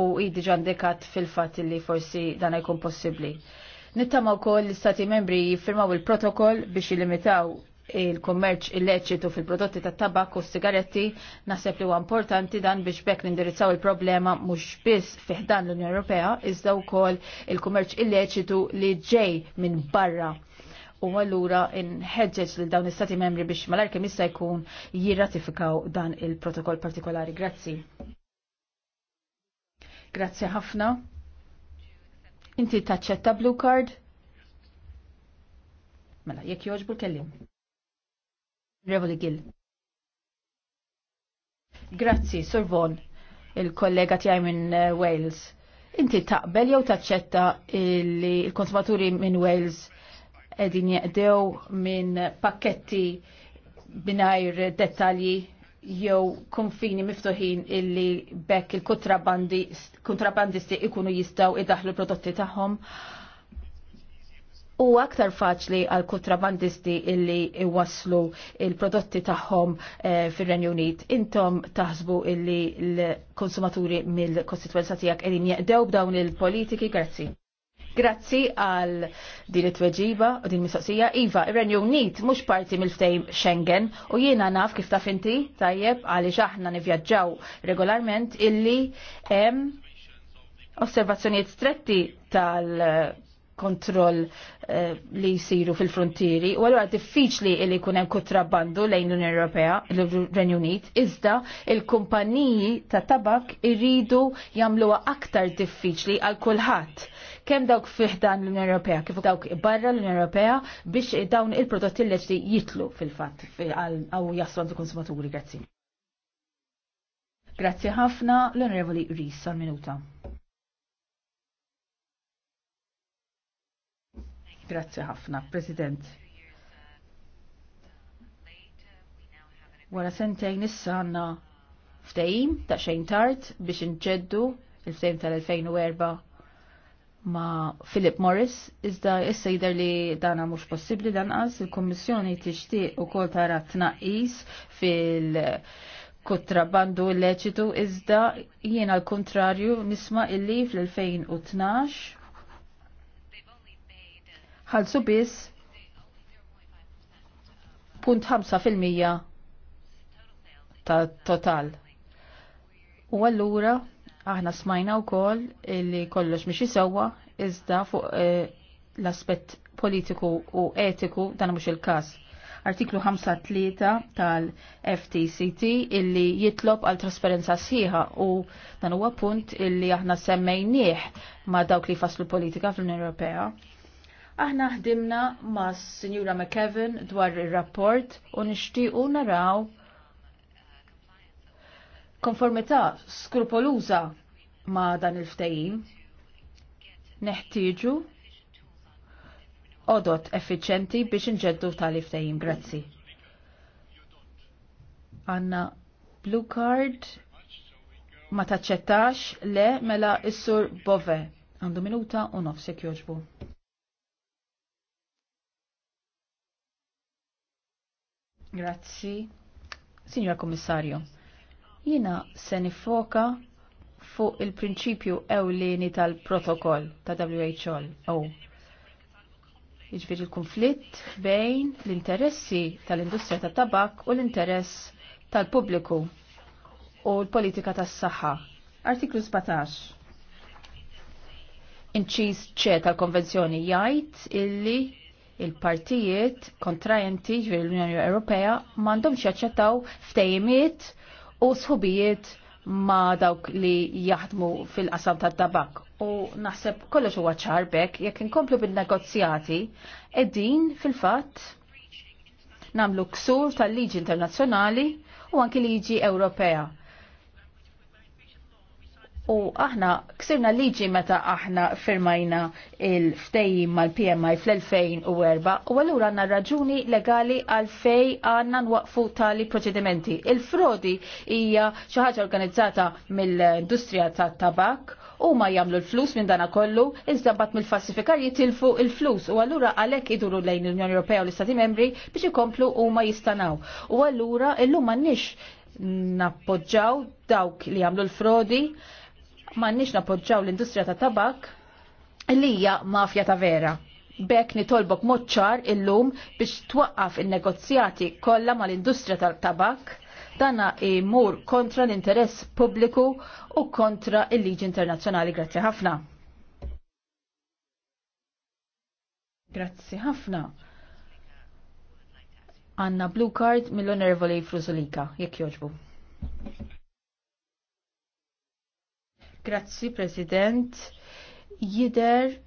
u idi ġandekat fil-fatt li forsi dan jkun possibbli. Nittama wkoll l-Istati membri jiffirmaw il-protokoll biex jilimitaw il-kommerċ illeċitu fil-prodotti tat tabak u sigaretti naħseb li huwa importanti dan biex bekk nindirizzaw il-problema mhux biss fiħdan l-Unjoni Ewropea iżda wkoll il-kummerċ illeċitu li ġej minn barra u għallura nħedġeġ lil dawn istati membri biex mal kemm jista' jkun jirratifikaw dan il-protokoll partikolari. Grazzi. Grazzi ħafna. Inti taċċetta blue card? Mela, jekk joġbu l-kellim. Revoli Gill. Grazzi, Sir il-kollega tiegħi minn eh, Wales. Inti taqbel jew taċċetta il l-konsumaturi minn Wales edin jeqdew minn pakketti binajr dettalji jew konfini miftuħin illi bekk il-kontrabandisti ikunu jistaw idaħlu prodotti tagħhom. U aktar faċli għal kontrabandisti illi iwaslu il-prodotti tagħhom eh, fir-Renju Unit. Intom taħsbu illi l-konsumaturi mill-kostituenza tiegħek qegħdin jeqdew b'dawn il-politiki, grazzi. Grazzi għal din it-tweġiba u din mistoqsija. Iva, ir-Renju Unit mhux parti mill-ftejm Schengen u jiena naf kif taf inti tajjeb għaliex aħna nivvjaġġaw regolarment illi hemm osservazzjonijiet stretti tal kontroll eh, li jisiru fil-frontieri u għallura diffiċli li jkun hemm kontrabbandu lejn l-Unjoni Ewropea, l-Renju Unit, iżda il-kumpaniji ta' tabak irridu jagħmluha aktar diffiċli għal kulħadd kemm dawk fiħdan l-Unjoni Ewropea kif dawk barra l-Unjoni Ewropea biex dawn il-prodotti leġli jitlu fil-fatt għaw jaslu għandu konsumaturi. Grazzi. Grazzi ħafna l-Onorevoli Ris għal-minuta. Grazzi ħafna, President. Wara sentejn issa għanna ftejim ta' xejn tard biex nġeddu il-ftejim tal-2004 ma' Philip Morris, iżda issa jider li dana mhux possibbli danqas, il-Kommissjoni tixtieq ukoll tara tnaqqis fil-kontrabbandu leċitu iżda jiena l-kontrarju nisma' illi fl-2012 ħalsu biss punt 5% ta' total. U allura Aħna smajna wkoll li kollox mhix isewwa iżda fuq eh, l-aspett politiku u etiku dan mhux il-każ. Artiklu 5 tal-FTCT illi jitlob għal trasparenza sħiħa u dan huwa punt illi aħna semmejnieh ma' dawk li faslu politika fl-Unjoni Ewropea. Aħna ħdimna ma' Sinjura McKevin dwar ir rapport u nixtiequ naraw konformità skrupoluża ma' dan il-ftehim. Neħtieġu odot effiċenti biex inġeddu tal-iftajim. Grazzi. Anna blue card ma taċċettax le mela issur bove. Għandu minuta u nofsek joġbu. Grazzi. Signora Kommissarju. Jina se nifoka fuq il-prinċipju ewlieni tal-protokoll ta' WHO. Iġbir jiġifieri il-konflitt bejn l-interessi tal-industrija tat tabak u l-interess tal-pubbliku u l-politika tas-saħħa. Artiklu 17. Inċiż ċe tal-konvenzjoni jgħid illi il-partijiet kontrajenti ġviri l-Unjoni Ewropea m'għandhomx jaċċettaw ftejimiet u sħubijiet ma dawk li jaħdmu fil-qasam tad tabak u naħseb kollox huwa ċarbek jekk inkomplu bil negozjati qegħdin fil-fatt nagħmlu ksur tal-liġi internazzjonali u anki liġi Ewropea U aħna ksirna liġi meta aħna firmajna il-ftejim mal-PMI fl-2004 u għallura għanna raġuni legali fej għanna nwaqfu tali proċedimenti. Il-frodi hija xi ħaġa organizzata mill-industrija tat-tabak u ma jagħmlu l-flus minn dana kollu, iżda bat mill fassifikar jitilfu il-flus u allura għalhekk iduru lejn l-Unjoni Ewropea u l-Istati Membri biex ikomplu u ma jistanaw. U allura illum nix nappoġġaw dawk li jagħmlu l-frodi m'għandniex napoġġaw l-industrija ta' tabak li hija mafja ta' vera. Bek nitolbok moċċar illum biex twaqqaf il-negozjati kollha mal-industrija tal-tabak dana imur kontra l-interess pubbliku u kontra il-liġi internazzjonali. Grazzi ħafna. Grazzi ħafna. Anna blue card mill-onorevoli Frusolika, jekk joġbu. Grazzi, President. Jider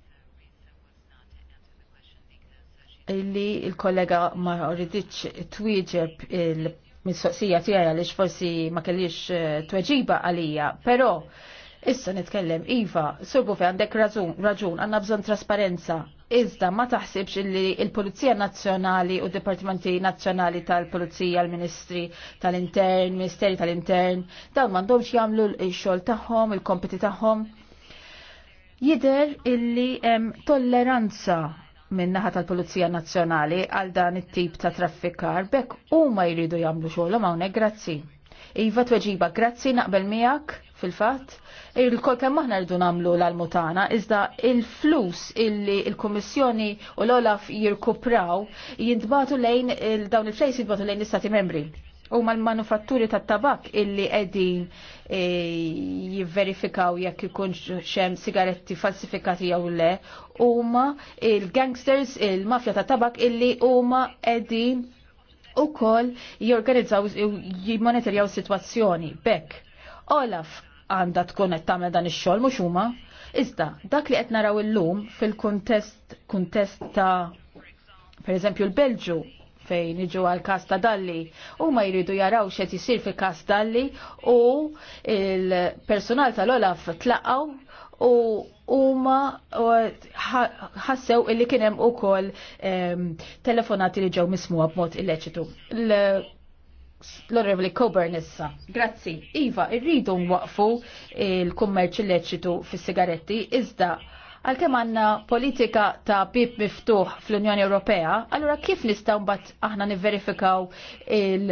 li il-kollega ma rriditx twieġeb il-mistoqsija tiegħi għaliex forsi ma kellix eh, tweġiba għalija, però issa nitkellem Iva, sorbu fe għandek raġun, raġun, għandna bżonn trasparenza Iżda ma taħsibx li il-Pulizija Nazzjonali u Dipartimenti Nazzjonali tal-Pulizija, l-Ministri tal-Intern, Ministeri tal-Intern, dawn m'għandhomx jagħmlu l-xogħol tagħhom, il-kompiti tagħhom. Jider illi hemm tolleranza minnaħa tal-Pulizija Nazzjonali għal dan it-tip ta' traffikar bekk huma jridu jagħmlu xogħolhom hawnhekk grazzi. Iva tweġiba, grazzi naqbel miegħek fil-fatt. Il-kol kemm aħna rridu nagħmlu l-almutana, iżda il-flus illi il-Kummissjoni u l-Olaf jirkupraw jintbatu lejn dawn il-flejs jintbatu lejn l-Istati membri u mal-manufatturi tat tabak illi qegħdin e, jivverifikaw jekk ikun xem sigaretti falsifikati jew le huma il-gangsters il-mafja tat tabak illi huma qegħdin u kol jorganizzaw jimonitorjaw situazzjoni. Bekk, Olaf għanda tkun qed tagħmel dan ix-xogħol mhux huma. Iżda, dak li qed naraw illum fil-kuntest kuntest ta' pereżempju l-Belġu fejn iġu għal kas ta' dalli u ma jridu jaraw xed jisir fi kas dalli u il-personal tal-Olaf tlaqaw u huma ħassew illi kien hemm ukoll ehm, telefonati li ġew mismuha b'mod illeċitu. L-Onorevoli Coburn issa. Grazzi. Iva, irridu nwaqfu il-kummerċ illeċitu fis-sigaretti iżda għalkemm għandna politika ta' bib miftuħ fl-Unjoni Ewropea, allura kif nistaw mbagħad aħna nivverifikaw il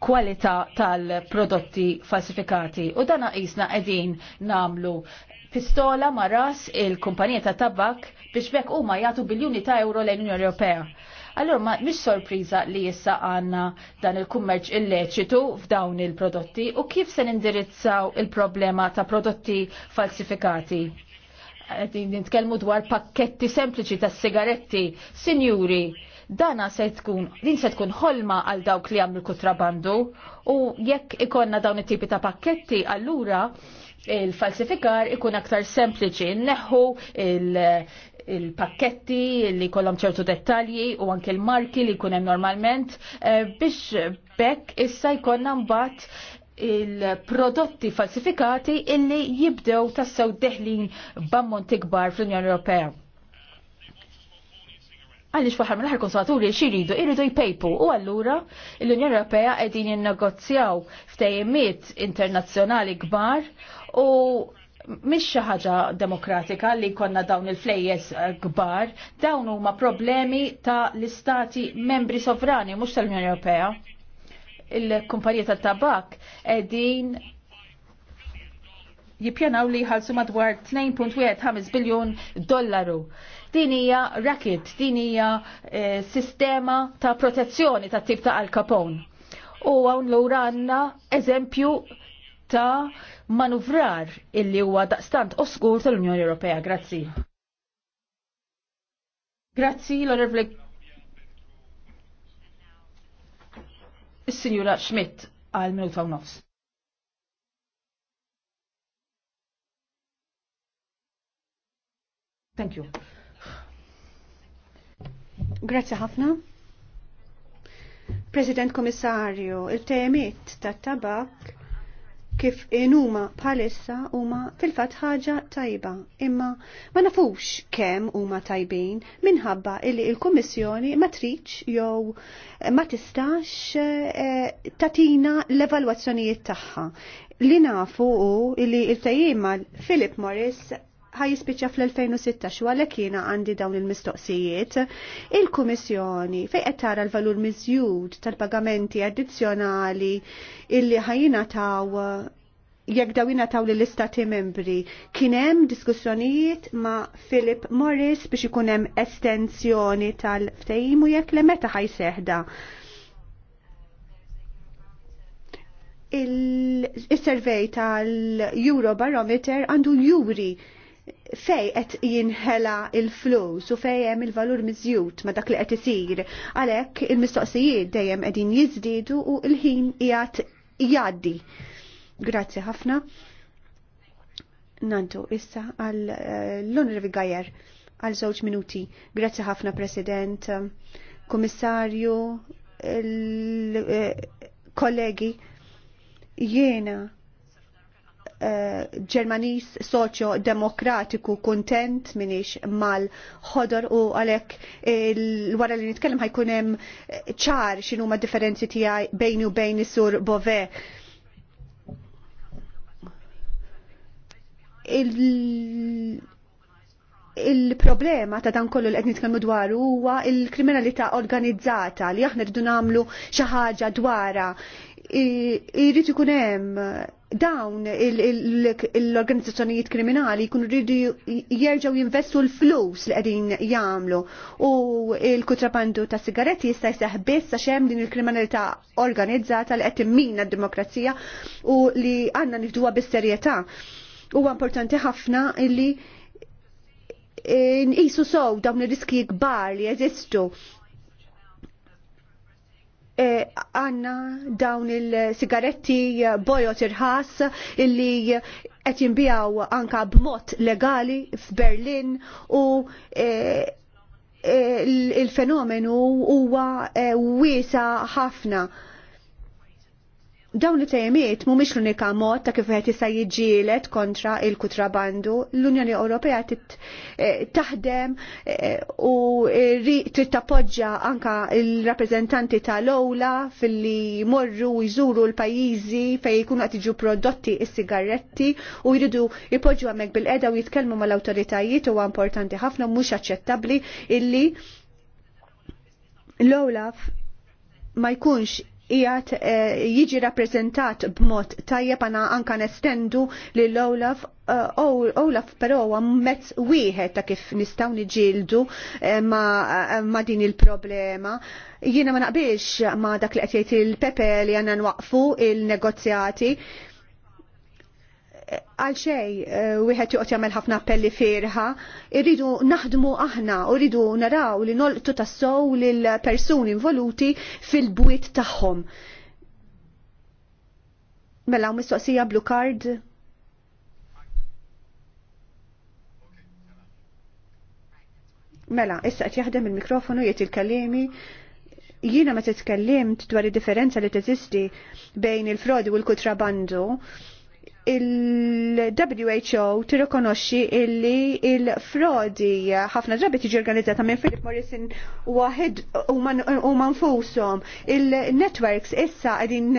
kwalità tal-prodotti falsifikati. U dan naqisna qegħdin namlu pistola ma' ras il-kumpanija ta' tabak biex bekk huma jagħtu biljuni ta' euro lejn Unjoni Ewropea. Allora ma mis sorpriża li issa għandna dan il-kummerċ illeċitu f'dawn il-prodotti u kif se nindirizzaw il-problema ta' prodotti falsifikati. Nitkellmu dwar pakketti sempliċi ta' sigaretti, sinjuri, Dana se tkun, din se tkun ħolma għal dawk li għamlu kutrabandu u jekk ikonna dawn it-tipi ta' pakketti allura il-falsifikar ikun aktar sempliċi neħu il- il-pakketti li kollom ċertu dettalji u anke l-marki li kunem normalment eh, biex bekk issa jkonna mbagħad il-prodotti falsifikati illi jibdew tassew deħlin b'ammonti kbar fl-Unjoni Ewropea għalix faħar mill-ħar konsumaturi xiridu, iridu jpejpu u għallura l-Unjoni Ewropea għedin jinnegozjaw ftejimiet internazzjonali kbar u mhix xi ħaġa demokratika li konna dawn il-flejjes eh, kbar, dawn huma problemi ta' l-istati membri sovrani mhux tal-Unjoni Ewropea. Il-kumpanija tat-tabak qegħdin jippjanaw li jħallsu madwar 2.15 biljun dollaru Din hija racket, din hija eh, sistema ta' protezzjoni ta' tip ta' Al Capone. U hawn lura għandna eżempju ta' manuvrar illi huwa daqstant oskur tal-Unjoni Ewropea. Grazzi. Grazzi l-Onorevoli Is-Sinjura Schmidt għal minuta u nofs. Thank you. Grazie ħafna. President Komissarju, il-temiet tat tabak kif inuma palissa huma fil-fat ħaġa tajba, imma ma nafux kemm huma tajbin minħabba illi il-Kummissjoni ma triċ jew ma tistax eh, tatina l-evalwazzjonijiet tagħha li nafu u li il-tajjim Philip Morris ħajispiċċa fl-2016 u għalhekk jiena għandi dawn il-mistoqsijiet. Il-Kummissjoni fejn qed tara l-valur miżjud tal-pagamenti addizzjonali illi ħajina taw jekk dawina taw li l-istati membri, kienem diskussjonijiet ma' Philip Morris biex ikunem estensjoni tal-ftejim u jekk le meta ħajseħda. Il-survey tal-Eurobarometer għandu juri fej qed jinħela il-flus u fej hemm il-valur miżjud ma dak li qed isir. Għalhekk il-mistoqsijiet dejjem qegħdin jiżdiedu u l-ħin qiegħed jgħaddi. Grazzi ħafna. Nantu issa għal eh, l-Onorevoli Gajer għal żewġ minuti. Grazzi ħafna President, Kummissarju, eh, kollegi jiena Eh, Ġermanis soċjo-demokratiku kontent minix mal-ħodor u għalek eh, wara li nitkellem ħajkunem hemm eh, ċar xinu ma' differenzi tiegħi bejni u bejn is-sur Bove. Il il-problema ta' dan kollu li qed nitkellmu dwar huwa l kriminalità organizzata li aħna rridu nagħmlu xi ħaġa dwarha irrid ikun hemm dawn l-organizzazzjonijiet kriminali jkunu rridu jerġgħu jinvestu l-flus li qegħdin jagħmlu u l-kutrapandu ta' sigaretti jista' jseħ biss xem hemm din il-kriminalità organizzata li qed minna d-demokrazija u li għandna nieħduha bis-serjetà. Huwa importanti ħafna li nqisu sow dawn ir-riski kbar li jeżistu E, għanna dawn il-sigaretti e, bojot irħas illi qed jinbijaw anka b'mod legali f'Berlin u e, e il-fenomenu huwa wiesa ħafna Dawn it-tejmiet mhumiex l-unika mod ta' kif qed jista' jiġielet kontra il-kutrabandu. L-Unjoni Ewropea eh, taħdem eh, u trid tappoġġja anka l-rappreżentanti tal-owla filli morru jżuru l-pajjiżi fejn jkunu qed jiġu prodotti s sigaretti u jridu jpoġġu hemmhekk bil-qeda u jitkellmu mal-awtoritajiet huwa importanti ħafna mhux aċċettabbli illi l-owla ma jkunx jgħat eh, jiġi rappresentat b'mod tajjeb għana anka nestendu li l-Olaf eh, Olaf però huwa mezz wieħed ta' kif nistgħu niġildu eh, ma' din il-problema. Jiena ma naqbilx ma' dak li qed il-Pepe li għandna nwaqfu il-negozjati. il negozjati għal xej eh, wieħed joqgħod jagħmel ħafna appelli firħa, irridu naħdmu aħna u rridu naraw li nolqtu tassow lil persuni involuti fil-bwiet tagħhom. Mela mistoqsija blue card. Mela, issa qed jaħdem il-mikrofonu jiet il-kalimi jiena ma titkellimt dwar id-differenza li teżisti bejn il-frodi u l-kutrabandu il-WHO tirrikonoxxi illi il-frodi ħafna drabi tiġi organizzata minn Philip Morrison waħed u manfusom. Il-networks issa qegħdin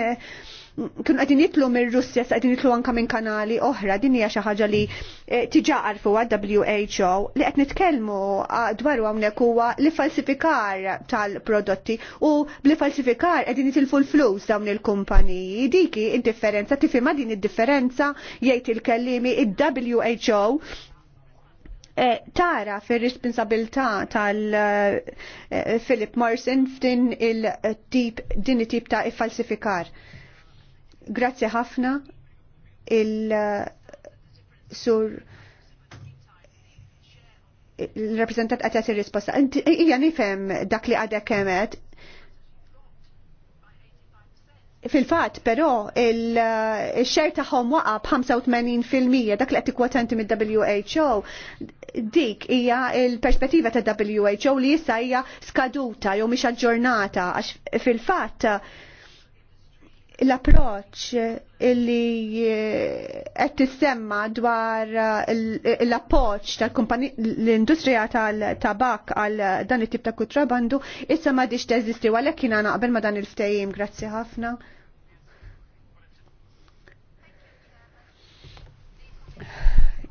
kun qegħdin jitlu mir-Russja għadin qegħdin jitlu anka minn kanali oħra din hija xi ħaġa li eh, tiġa għarfu WHO li qed nitkellmu ah, dwaru hawnhekk huwa li falsifikar tal-prodotti u bli falsifikar qegħdin jitilfu l-flus dawn il-kumpaniji diki id-differenza tifhimha din id-differenza jgħid il-kellimi il who eh, tara fil-responsabilità tal-Philip eh, Morrison f'din il-tip din it-tip ta' falsifikar. Grazzi ħafna il-sur eh, il-rappresentant għatjat il-risposta. Ija nifem dak li għadek kemet. Fil-fat, pero, il-xer eh, taħħom waqa b'85% dak li qed kwatanti mid-WHO, dik hija il-perspettiva ta' WHO li jissa hija skaduta jew mhix aġġornata għax fil-fatt l-approċ illi eh, qed tissemma dwar eh, l approċ tal-industrija tal-tabak għal dan it-tip ta' kutrabandu issa ma diċ teżisti għalhekk kien naqbel ma dan il-ftehim, grazzi ħafna.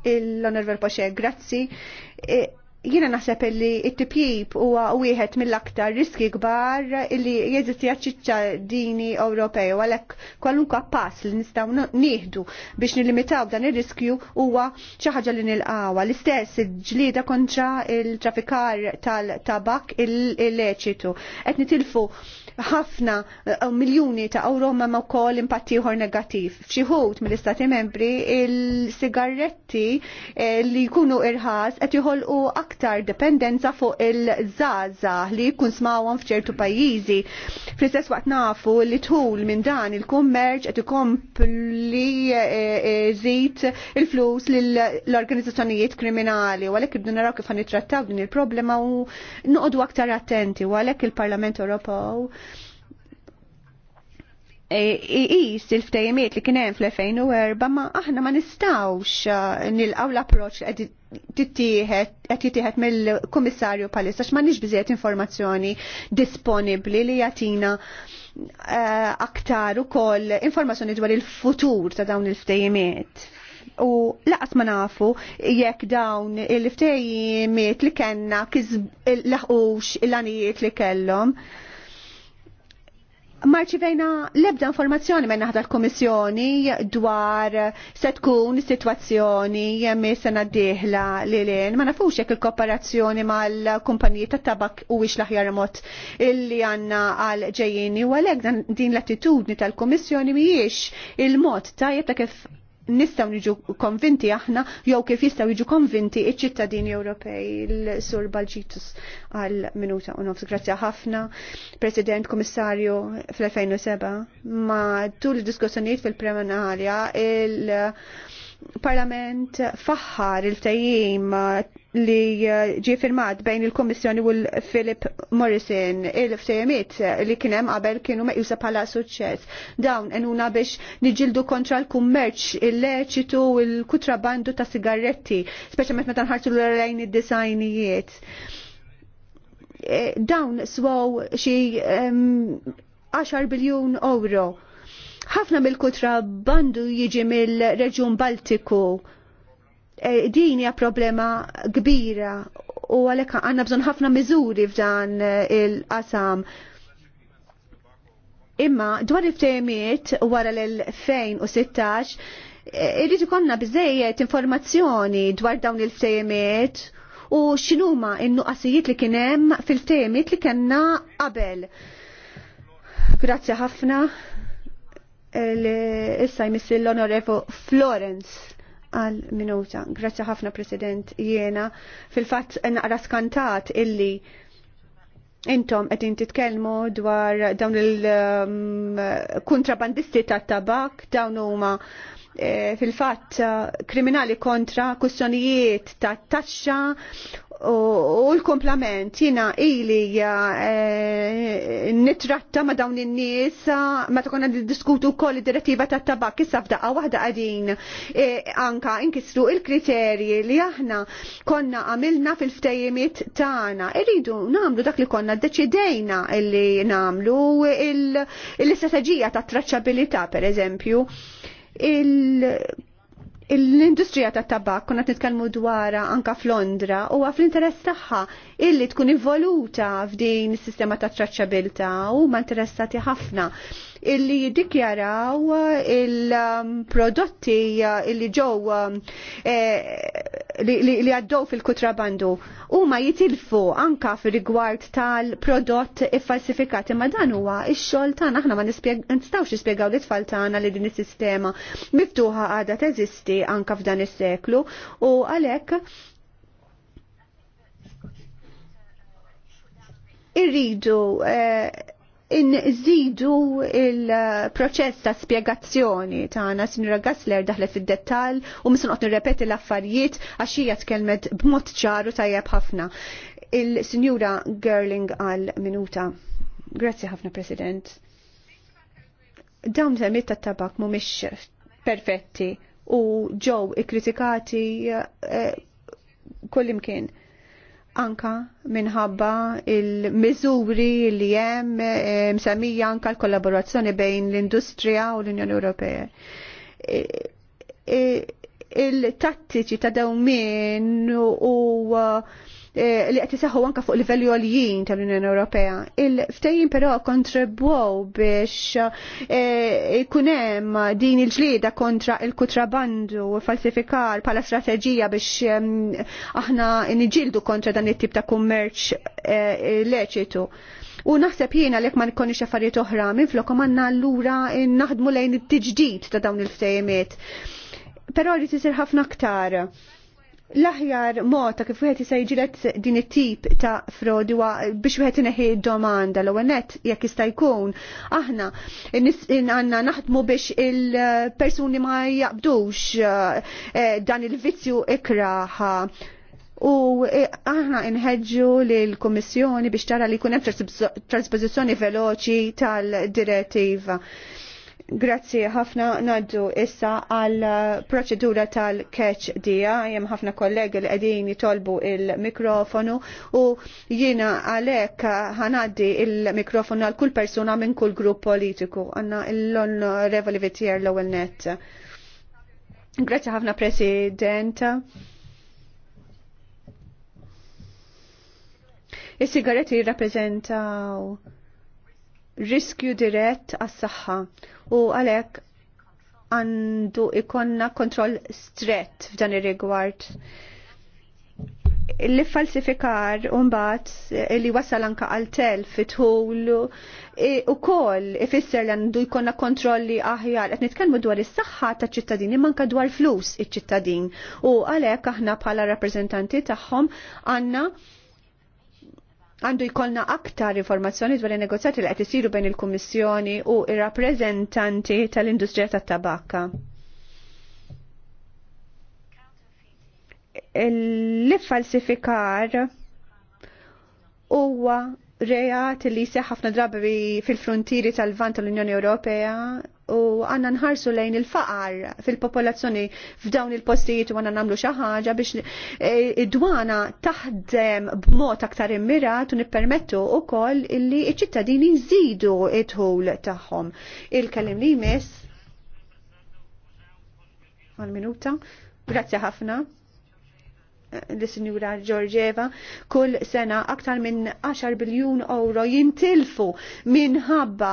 l-Onorver Poxe, grazzi. Eh, Jiena naħseb illi it-tipjib huwa wieħed mill-aktar riski kbar illi jaċċiċċa ċittadini Ewropej għalhekk kwalunkwe pass li nistgħu nieħdu biex nilimitaw dan ir-riskju huwa xi ħaġa li nilqawa. L-istess ġlieda kontra il-trafikar tal-tabak il-leċitu. Qed nitilfu ħafna eh, miljuni ta' euro ma' wkoll impatti ieħor negattiv. F'xi mill-Istati Membri il-sigaretti eh, li jkunu irħas qed joħolqu aktar dependenza fuq il-żaza li jkun smawhom f'ċertu pajjiżi. Fl-istess waqt nafu li tħul minn dan il-kummerċ qed ikompli eh, eh, żid il-flus lill-organizzazzjonijiet kriminali u għalhekk irdu naraw kif ħanitrattaw din il-problema u noqogħdu aktar attenti u għalhekk il-Parlament Ewropew iqis il-ftejimiet li kienem fl-2004 ma aħna ma nistawx uh, nil-għaw l-approċ qed jittieħed mill-Kummissarju palissa ma nix biżejjed informazzjoni disponibbli li jagħtina uh, aktar ukoll informazzjoni dwar il-futur ta' dawn il-ftejimiet u laqas ma nafu jekk dawn il-ftejimiet li kellna laħqux il-għanijiet li kellhom. Marċivejna lebda informazzjoni minn naħda l-Komissjoni dwar se tkun situazzjoni jemmi sena diħla li l Ma nafux jekk il-kooperazzjoni mal-kumpaniji ta' tabak u wix laħjar mod illi għanna għal ġejjini u għalek din l-attitudni tal-Komissjoni miex il-mod ta' jibta kif nistaw niġu konvinti aħna jew kif jistaw jiġu konvinti iċ-ċittadini Ewropej l-Sur Balġitus għal minuta u nofs. Grazzja ħafna, President Komissarju fl-2007, ma tul diskussjonijiet fil-premenarja il- Parlament faħħar il-tajjim li eh, ġie firmat bejn il kommissjoni u l-Philip Morrison il-ftejemiet li kien hemm qabel kienu meqjusa bħala suċċess. Dawn enuna biex niġildu kontra l-kummerċ il-leċitu u l-kutrabandu ta' sigaretti, speċjalment meta nħarsu l-rejn id-disajnijiet. Eh, dawn swow xi 10 biljun euro. Ħafna mill-kutrabandu jiġi mill-Reġjun Baltiku Eh, din hija problema kbira u għalhekk għandna bżonn ħafna miżuri f'dan eh, il-qasam. Imma dwar il-ftehimiet wara l-2016 eh, irridu konna biżejjed informazzjoni dwar dawn il-ftehimiet u x'inhuma n-nuqqasijiet li kien hemm fil-ftehimiet li kellna qabel. Grazzi ħafna. Issa jmissi l-Onorevo Florence għal minuta. Grazzi ħafna President jiena. Fil-fatt naqra skantat illi intom qed titkellmu dwar dawn il-kontrabandisti um, tat-tabak, dawn huma eh, fil-fatt kriminali kontra kussjonijiet ta' taxxa u l-komplament jina ili nittratta eh, nitratta ma dawn in-nies eh, ma ta' konna diskutu wkoll id-direttiva tat tabak kisaf da' waħda qegħdin e, eh, anka inkisru il-kriterji li aħna konna għamilna fil-ftejjimiet tagħna. Irridu nagħmlu dak li konna ddeċidejna li nagħmlu l-istrateġija tat traċċabilità pereżempju il l-industrija tat tabak kuna nitkellmu dwara anka f'Londra u għaf l-interess tagħha illi tkun involuta f'din is-sistema ta' traċabilta u ma interessati ħafna illi jiddikjaraw il-prodotti eh, illi ġew eh, li għaddew fil-kutrabandu huma jitilfu anka fir-rigward tal-prodott falsifikat imma dan huwa x-xogħol tagħna aħna ma nistgħux nispjegaw l-itfal tagħna li din is-sistema miftuħa għadha teżisti anka f'dan is-seklu u għalhekk irridu eh, zidu il-proċess ta' spiegazzjoni tagħna Sinjura Gassler daħlet fid-dettall u misnoqt nirrepeti l-affarijiet għax hija tkellmet b'mod ċaru tajjeb ħafna. Il-Sinjura Gerling għal minuta. Grazzi ħafna President. Dawn żemiet tat-tabak mhumiex perfetti u ġew ikkritikati eh, kollimkien anka minħabba il-miżuri li hemm eh, msemmija anka l-kollaborazzjoni bejn l-industrija u l-Unjoni Ewropea. Eh, eh, il-tattiċi ta' dawmin u Eh, li qed isaħħu għanka fuq livell għoljien tal-Unjoni Ewropea. il ftajin però kontribwew biex eh, ikun hemm din il-ġlieda kontra il-kutrabandu u falsifikar bħala strateġija biex mm, aħna niġildu kontra dan it-tip ta' kummerċ eh, leċitu. U naħseb jiena lek ma nkunniex affarijiet oħra minn flokom għandna allura naħdmu lejn it-tiġdid ta' dawn il-ftejjemiet. Però li tisir ħafna aktar L-aħjar mod ta' kif wieħed jista' jiġilet din it-tip ta' frodi biex wieħed ineħi domanda l net jekk jista' jkun aħna għandna naħdmu biex il-persuni ma jaqbdux eh, eh, dan il-vizzju ikraħa. u eh, aħna inħeġġu lill kummissjoni biex tara li jkun hemm trasposizzjoni veloċi tal-direttiva. Grazzi ħafna naddu issa għal proċedura tal-catch dija, jem ħafna kolleg l edin jitolbu il-mikrofonu u jina għalek ħanaddi il-mikrofonu għal kull persuna minn kull grupp politiku. Għanna l-onorevoli vittier l-ewel net. Grazzi ħafna President. Is-sigaretti jirrappreżentaw riskju dirett għas-saħħa u għalhekk għandu ikonna kontroll strett f'dan ir-rigward. Li falsifikar umbat eh, li wasal anka għal-tel fitħul eh, u kol ifisser li għandu jkonna kontrolli aħjar. Għet nitkellmu dwar is-saħħa ta' ċittadini manka dwar flus iċ-ċittadin. U għalhekk aħna bħala rappreżentanti tagħhom għandna għandu jkollna aktar informazzjoni dwar il-negozjati li qed isiru bejn il-Kummissjoni u ir-rappreżentanti il tal-industrija tal industrija tat L-falsifikar huwa reat li seħ ħafna drabi fil-frontieri tal-vant tal-Unjoni Ewropea u għanna nħarsu lejn il-faqar fil-popolazzjoni f'dawn il-postijiet u għanna namlu xaħġa biex e, id-dwana taħdem b'mod aktar immirat u nippermettu u koll illi iċ-ċittadini jżidu id-ħul tagħhom. Il-kellim li jmiss għal-minuta. Grazzi ħafna l-Sinjura Georgieva kull sena aktar minn 10 biljun euro jintilfu minħabba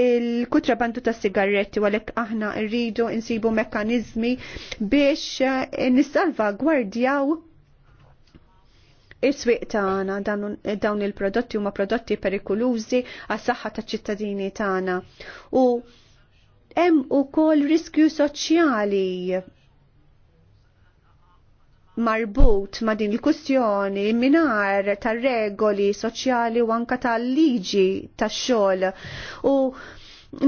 il-kutrabandu ta' sigaretti għalek aħna rridu insibu mekkanizmi biex eh, nissalva gwardjaw Is-swieq tagħna dawn il-prodotti huma prodotti perikolużi għas-saħħa taċ-ċittadini tagħna. U hemm ukoll riskju soċjali marbut ma din il-kustjoni minar tar-regoli soċjali u anka tal-liġi tax-xogħol. U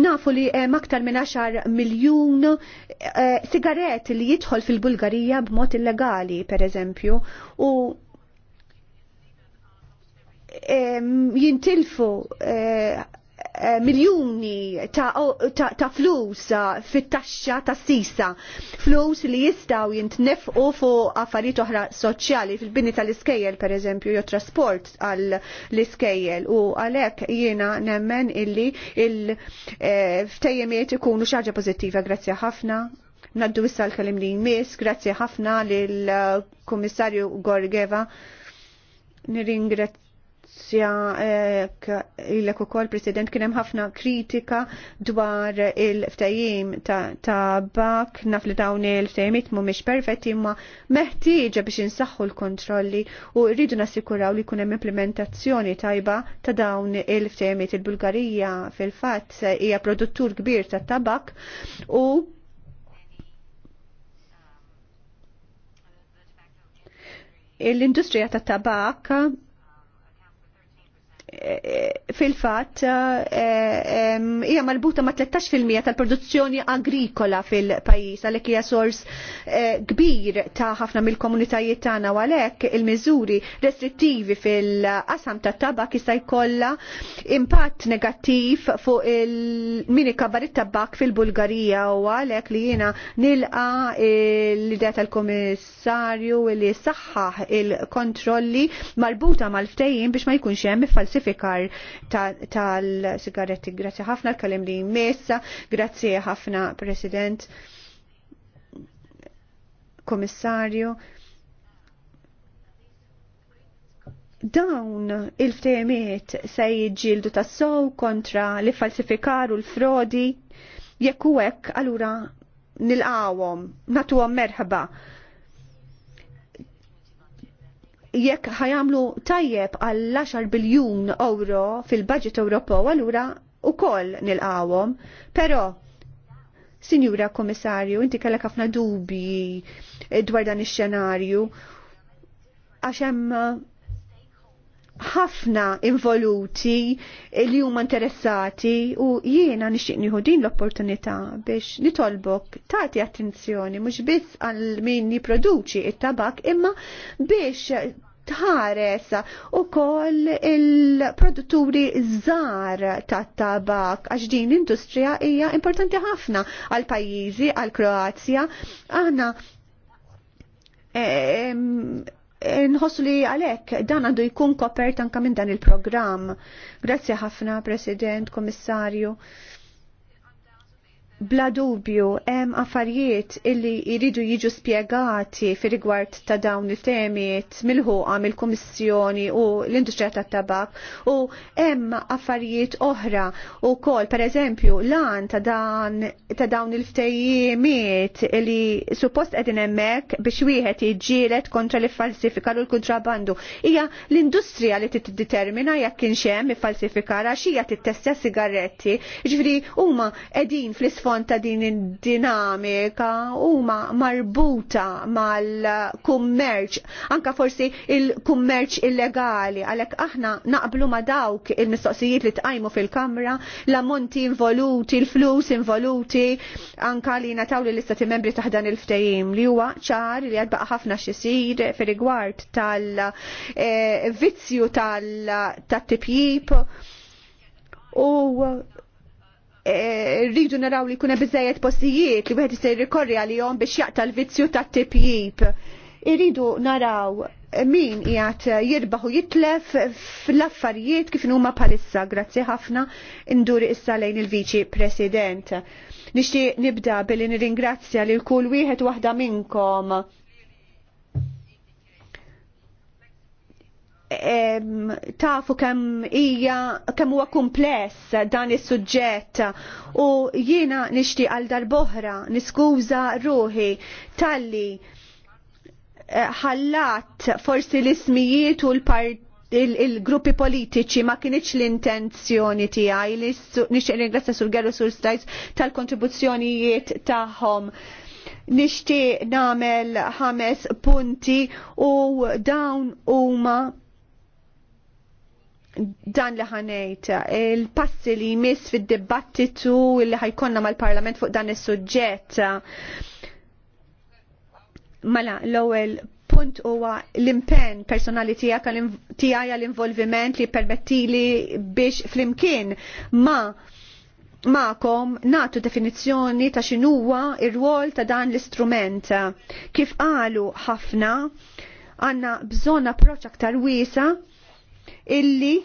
nafu li hemm aktar minn 10 miljun eh, sigaret li jidħol fil-Bulgarija b'mod illegali, pereżempju, u jintilfu eh, Eh, miljuni ta', ta, ta flus eh, fit-taxxa ta' sisa, flus li jistaw jintnefqu fuq affarijiet oħra soċjali fil-bini tal-iskejjel pereżempju jew trasport għall-iskejjel u għalhekk jiena nemmen illi il-ftejjemiet eh, ikunu xi ħaġa pożittiva grazzi ħafna. Naddu issa l-kelim li jmiss, grazzi ħafna lill-Kummissarju Gorgeva. Nirringrazzja Sja eh, il-ek ukoll President kien hemm ħafna kritika dwar il-ftajim ta', bak naf li dawn il-ftajimit mhumiex perfetti imma meħtieġa biex insaħħu l-kontrolli u rridu nasikuraw li jkun hemm implementazzjoni tajba ta' dawn il-ftajimit il-Bulgarija fil-fatt hija produttur kbir ta' tabak u l-industrija ta' tabak fil-fat eh, hija malbuta ma' 13% tal-produzzjoni agrikola fil-pajjiż għalhekk hija sors eh, kbir ta' ħafna mill-komunitajiet tagħna u għalhekk il-miżuri restrittivi fil-qasam tat-tabak jista' jkollha impatt negattiv fuq il-mini kabarit tabak fil-Bulgarija u għalhekk li jiena nilqa l-idea tal-Kummissarju li saħħaħ il-kontrolli marbuta mal-ftejjin biex ma jkunx hemm falsifi l tal-sigaretti. Grazie Grazzi ħafna l-kalim li jmessa. Grazzi ħafna, President, Komissarju. dawn il-ftehimiet se jiġġieldu tas-sow kontra li falsifikaru l-frodi jekk hekk allura nilqawhom, nagħtuhom merħba jekk ħajamlu tajjeb għall 10 biljun euro fil-budget Ewropew allura ukoll nilqawhom. Però Sinjura Komissarju, inti kellek ħafna dubi dwar dan ix-xenarju għax ħafna involuti li huma interessati u jiena nixtieq nieħu din l-opportunità biex nitolbok tagħti attenzjoni mhux biss għal min jipproduċi it-tabak imma biex tħares u koll il-produtturi żar tat tabak għax din l-industrija hija importanti ħafna għal pajjiżi għal Kroazja aħna nħossu li għalek dan għandu jkun kopert anka minn dan il-programm. Grazzi ħafna, President, Komissarju. Bla dubju, hemm affarijiet illi jridu jiġu spjegati fi rigward ta' dawn il-temiet mill-ħuqa mill-Kummissjoni u l-Industrija tat-Tabak u hemm affarijiet oħra u kol pereżempju lan ta' dan ta' dawn il-ftejjimiet li suppost qegħdin hemmhekk biex wieħed jiġġieled kontra li falsifika u l-kontrabandu. Hija l-industrija li tiddetermina jekk kienx hemm ifalsifikar għax hija tittestja sigaretti, ġifieri huma qegħdin fl-isfond fond ta' din id-dinamika huma marbuta mal-kummerċ, anka forsi il-kummerċ illegali, għalhekk aħna naqblu ma' dawk il-mistoqsijiet li tqajmu fil-Kamra, l-ammonti involuti, il-flus involuti, anka li nataw li l-istati membri taħdan il-ftejim li huwa ċar li għadbaq ħafna xisir fil-rigward tal-vizzju eh, tal-tipjib u Eh, rridu naraw li kuna bizzajet postijiet li wieħed jista' jirrikorri għalihom biex jaqta l-vizzju tat-tipjib. Irridu naraw min jgħat jirbaħu jitlef fl-affarijiet kif huma palissa, grazzi ħafna, induri issa lejn il-Viċi President. Nixtieq nibda billi nirringrazzja lil kull wieħed waħda minnkom tafu kemm hija kemm huwa kumpless dan is-suġġett u jiena nixtieq għal darb'oħra niskuża ruħi talli eh, ħallat forsi l-ismijiet u l-part il-gruppi politiċi ma kienieċ l-intenzjoni tiegħi li nixtieq ringrazzja sur Gerru sur Stajs tal-kontribuzzjonijiet tagħhom nixtieq nagħmel ħames punti u dawn huma dan li ħanejt, il-passi li jmiss fil-dibattitu li ħajkonna mal-parlament fuq dan is-suġġett. Mala, l-ewwel punt huwa l-impenn personali tiegħi l-involviment li permettili biex flimkien ma' ma'kom natu definizzjoni ta' xinuwa ir-rwol ta' dan l-istrument. Kif qalu ħafna, għanna bżon approċ aktar wiesa illi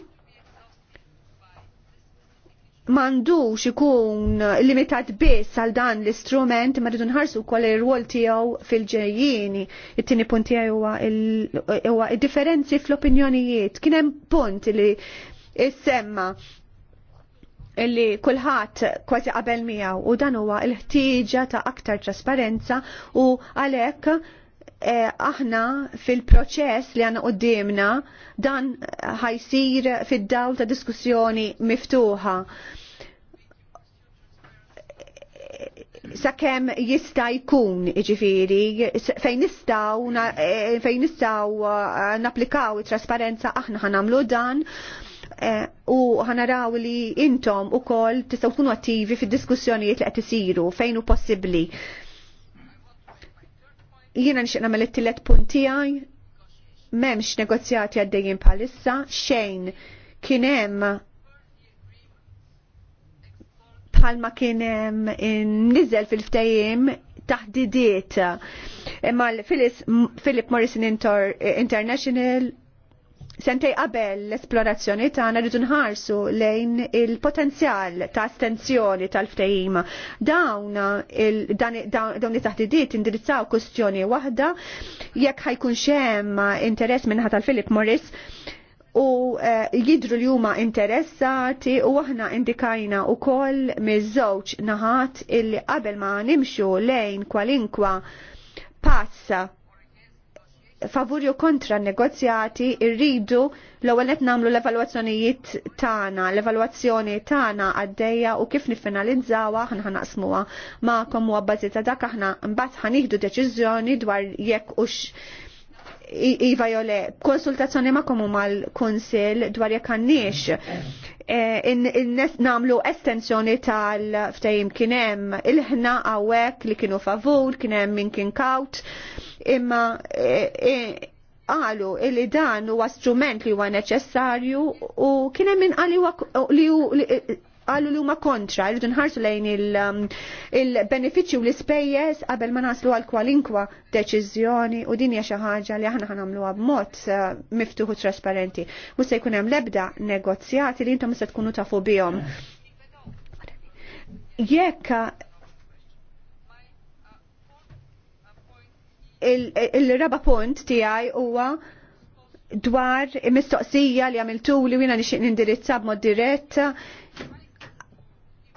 mandux ikun limitat biss għal dan l-istrument ma rridu nħarsu kol ir-rwol tiegħu fil ġejjini It-tieni punt tiegħu huwa differenzi fl-opinjonijiet. Kien hemm punt li issemma illi kulħadd kważi qabel miegħu u dan huwa l-ħtieġa ta' aktar trasparenza u għalhekk Eh, aħna fil-proċess li għanna qoddimna dan ħajsir fid-dawl ta' diskussjoni miftuħa. Sakem jista' jkun iġifiri, fejn nistaw eh, fejn nistaw eh, naplikaw it-trasparenza aħna ħanamlu dan u ħanaraw li intom u kol tistaw kunu attivi fid-diskussjonijiet li qed isiru fejn hu possibbli. Jiena nixtieq nagħmel it-tillet punti għaj, memx negozjati għaddejjin bħalissa, xejn kien hemm bħalma kien hemm niżel fil-ftehim taħdidiet imma Philip Morrison International sentej qabel l-esplorazzjoni tagħna rridu nħarsu lejn il-potenzjal ta' estensjoni tal ftejima Dawn dawn it-taħdidiet indirizzaw kustjoni waħda jekk ħajkun xem interess minnaħa tal-Philip Morris u eh, jidru li huma interessati u aħna indikajna u koll miż-żewġ naħat illi qabel ma nimxu lejn kwalinkwa passa Favur u kontra negozjati irridu l-ewwel qed nagħmlu l-evalwazzjonijiet tagħna, l-evalwazzjoni tagħna għaddejja u kif niffinalizzawha aħna naqsmuha magħkom huwa bażi ta' dak aħna mbagħad ħanieħdu deċiżjoni dwar jekk hux iva jole konsultazzjoni magħkom u mal konsil dwar jekk għandniex Eh, In-nes namlu estensjoni tal-ftajim kienem il-ħna għawek li kienu favur, kienem min kien kaut, imma għalu eh, eh, li dan huwa strument li huwa neċessarju u kienem min għali li għallu li huma kontra, rridu nħarsu lejn il-benefiċċju il um, u l-ispejjeż qabel ma naslu għal kwalinkwa deċiżjoni u din hija xi ħaġa li aħna ħanamluha b'mod uh, miftuħ u trasparenti. Mhux se jkun hemm l-ebda negozjati li intom se tkunu tafu bihom. Jekk il-raba punt tiegħi huwa dwar mistoqsija li għamiltu li jina nixtieq nindirizza b'mod dirett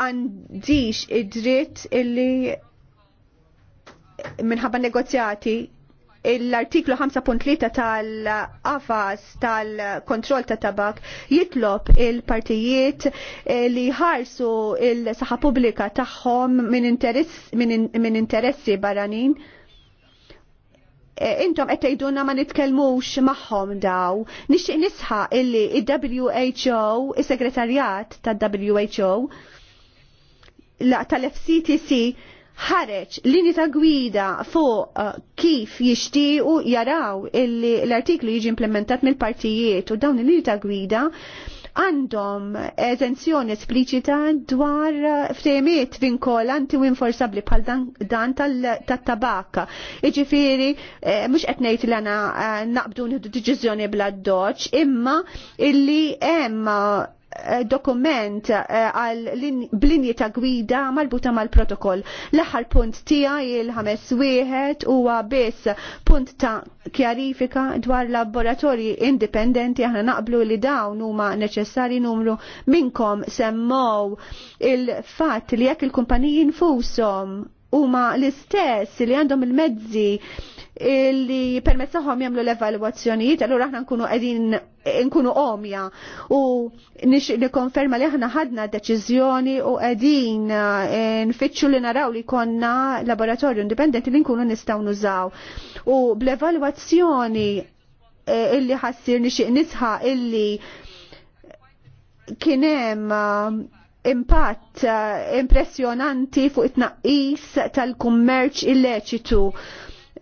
għandix id-dritt illi minħabba negozjati l-artiklu 5.3 tal-AFAS tal-kontroll ta' tabak jitlob il-partijiet eh, li ħarsu il-saħa publika tagħhom minn interessi barranin. Eh, intom qed tgħidulna ma nitkellmux magħhom daw. Nixtieq nisħa illi il-WHO, is-segretarjat tad-WHO, il who is segretarjat tad who tal-FCTC ħareċ lini ta' gwida fuq uh, kif jixtiequ jaraw illi l-artiklu jiġi implementat mill-partijiet u dawn il-lini ta' gwida għandhom eżenzjoni espliċita dwar ftemiet vinkolanti u inforsabli bħal dan tal-tabak. Iġifiri, eh, mux etnejt li għana eh, naqbdu nħeddu deċizjoni bla doċ, imma illi hemm Eh, dokument eh, għal blinji ta' gwida malbuta mal-protokoll. L-aħħar punt tiegħi il-ħames wieħed huwa biss punt ta' kjarifika dwar laboratorji indipendenti aħna naqblu li dawn huma neċessari numru minkom semmow il-fatt li jekk il-kumpaniji nfushom huma l-istess li għandhom il-mezzi li permezzaħom jamlu l-evaluazzjonijiet, għallu aħna nkunu qegħdin nkunu omja u nikkonferma li aħna ħadna deċiżjoni u qegħdin eh, nfittxu li naraw li konna laboratorju indipendenti li nkunu nistgħu nużaw. U bl-evalwazzjoni eh, illi ħassir nixtieq nisħa illi kienem eh, impatt impressjonanti fuq it naqis tal-kummerċ illeċitu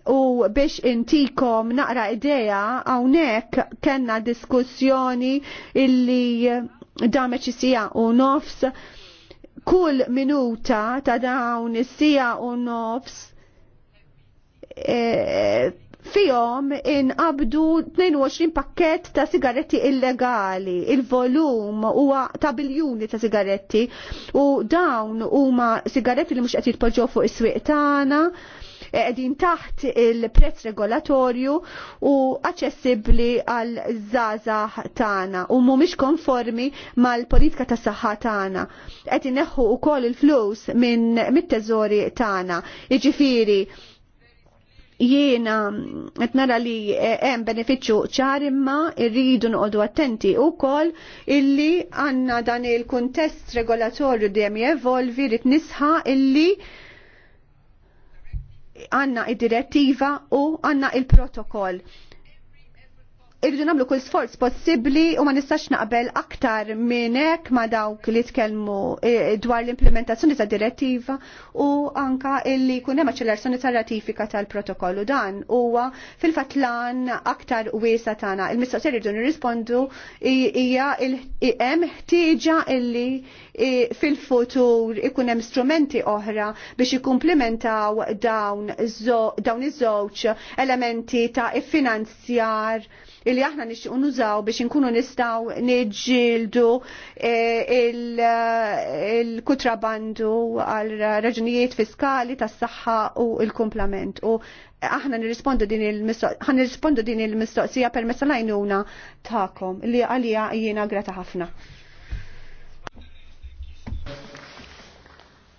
u biex intikom naqra ideja għawnek kena diskussjoni illi dameċi sija u nofs kull minuta ta' dawn sija u nofs e, fihom inqabdu 22 pakket ta' sigaretti illegali, il-volum huwa ta' biljuni ta' sigaretti u dawn huma sigaretti li mhux qed jitpoġġew fuq is-swieq tagħna qegħdin taħt il-prezz regolatorju u aċċessibbli għal żgħażagħ tagħna u mhumiex konformi mal-politika tas saħħa tagħna. Qed ineħħu wkoll il-flus minn mit-teżori tagħna. Jiġifieri jiena qed nara li hemm benefiċċju ċar imma rridu noqogħdu attenti wkoll illi għandna dan il-kuntest regolatorju dejjem jevolvi rid nisħa illi għanna id-direttiva u għanna il-protokoll irridu nagħmlu kull sforz possibbli u ma nistax naqbel aktar minn hekk ma dawk li tkellmu e, dwar l-implementazzjoni ta' direttiva u anka illi jkun hemm aċċelerazzjoni ta' ratifika tal-protokollu dan huwa fil-fatt lan aktar wiesa tagħna. Il-mistoqsija irridu nirrispondu hija hemm ħtieġa illi fil-futur ikun hemm strumenti oħra biex ikkumplimentaw dawn iż-żewġ elementi ta' iffinanzjar finanzjar illi aħna nixtiequ nużaw biex nkunu nistgħu niġġieldu eh, eh, il-kutrabandu għal raġunijiet fiskali tas-saħħa u l-kumplament. U aħna nirrispondu din il-mistoqsija, nirrispondu din il-mistoqsija permezz l-għajnuna tagħkom li għalija jiena grata ħafna.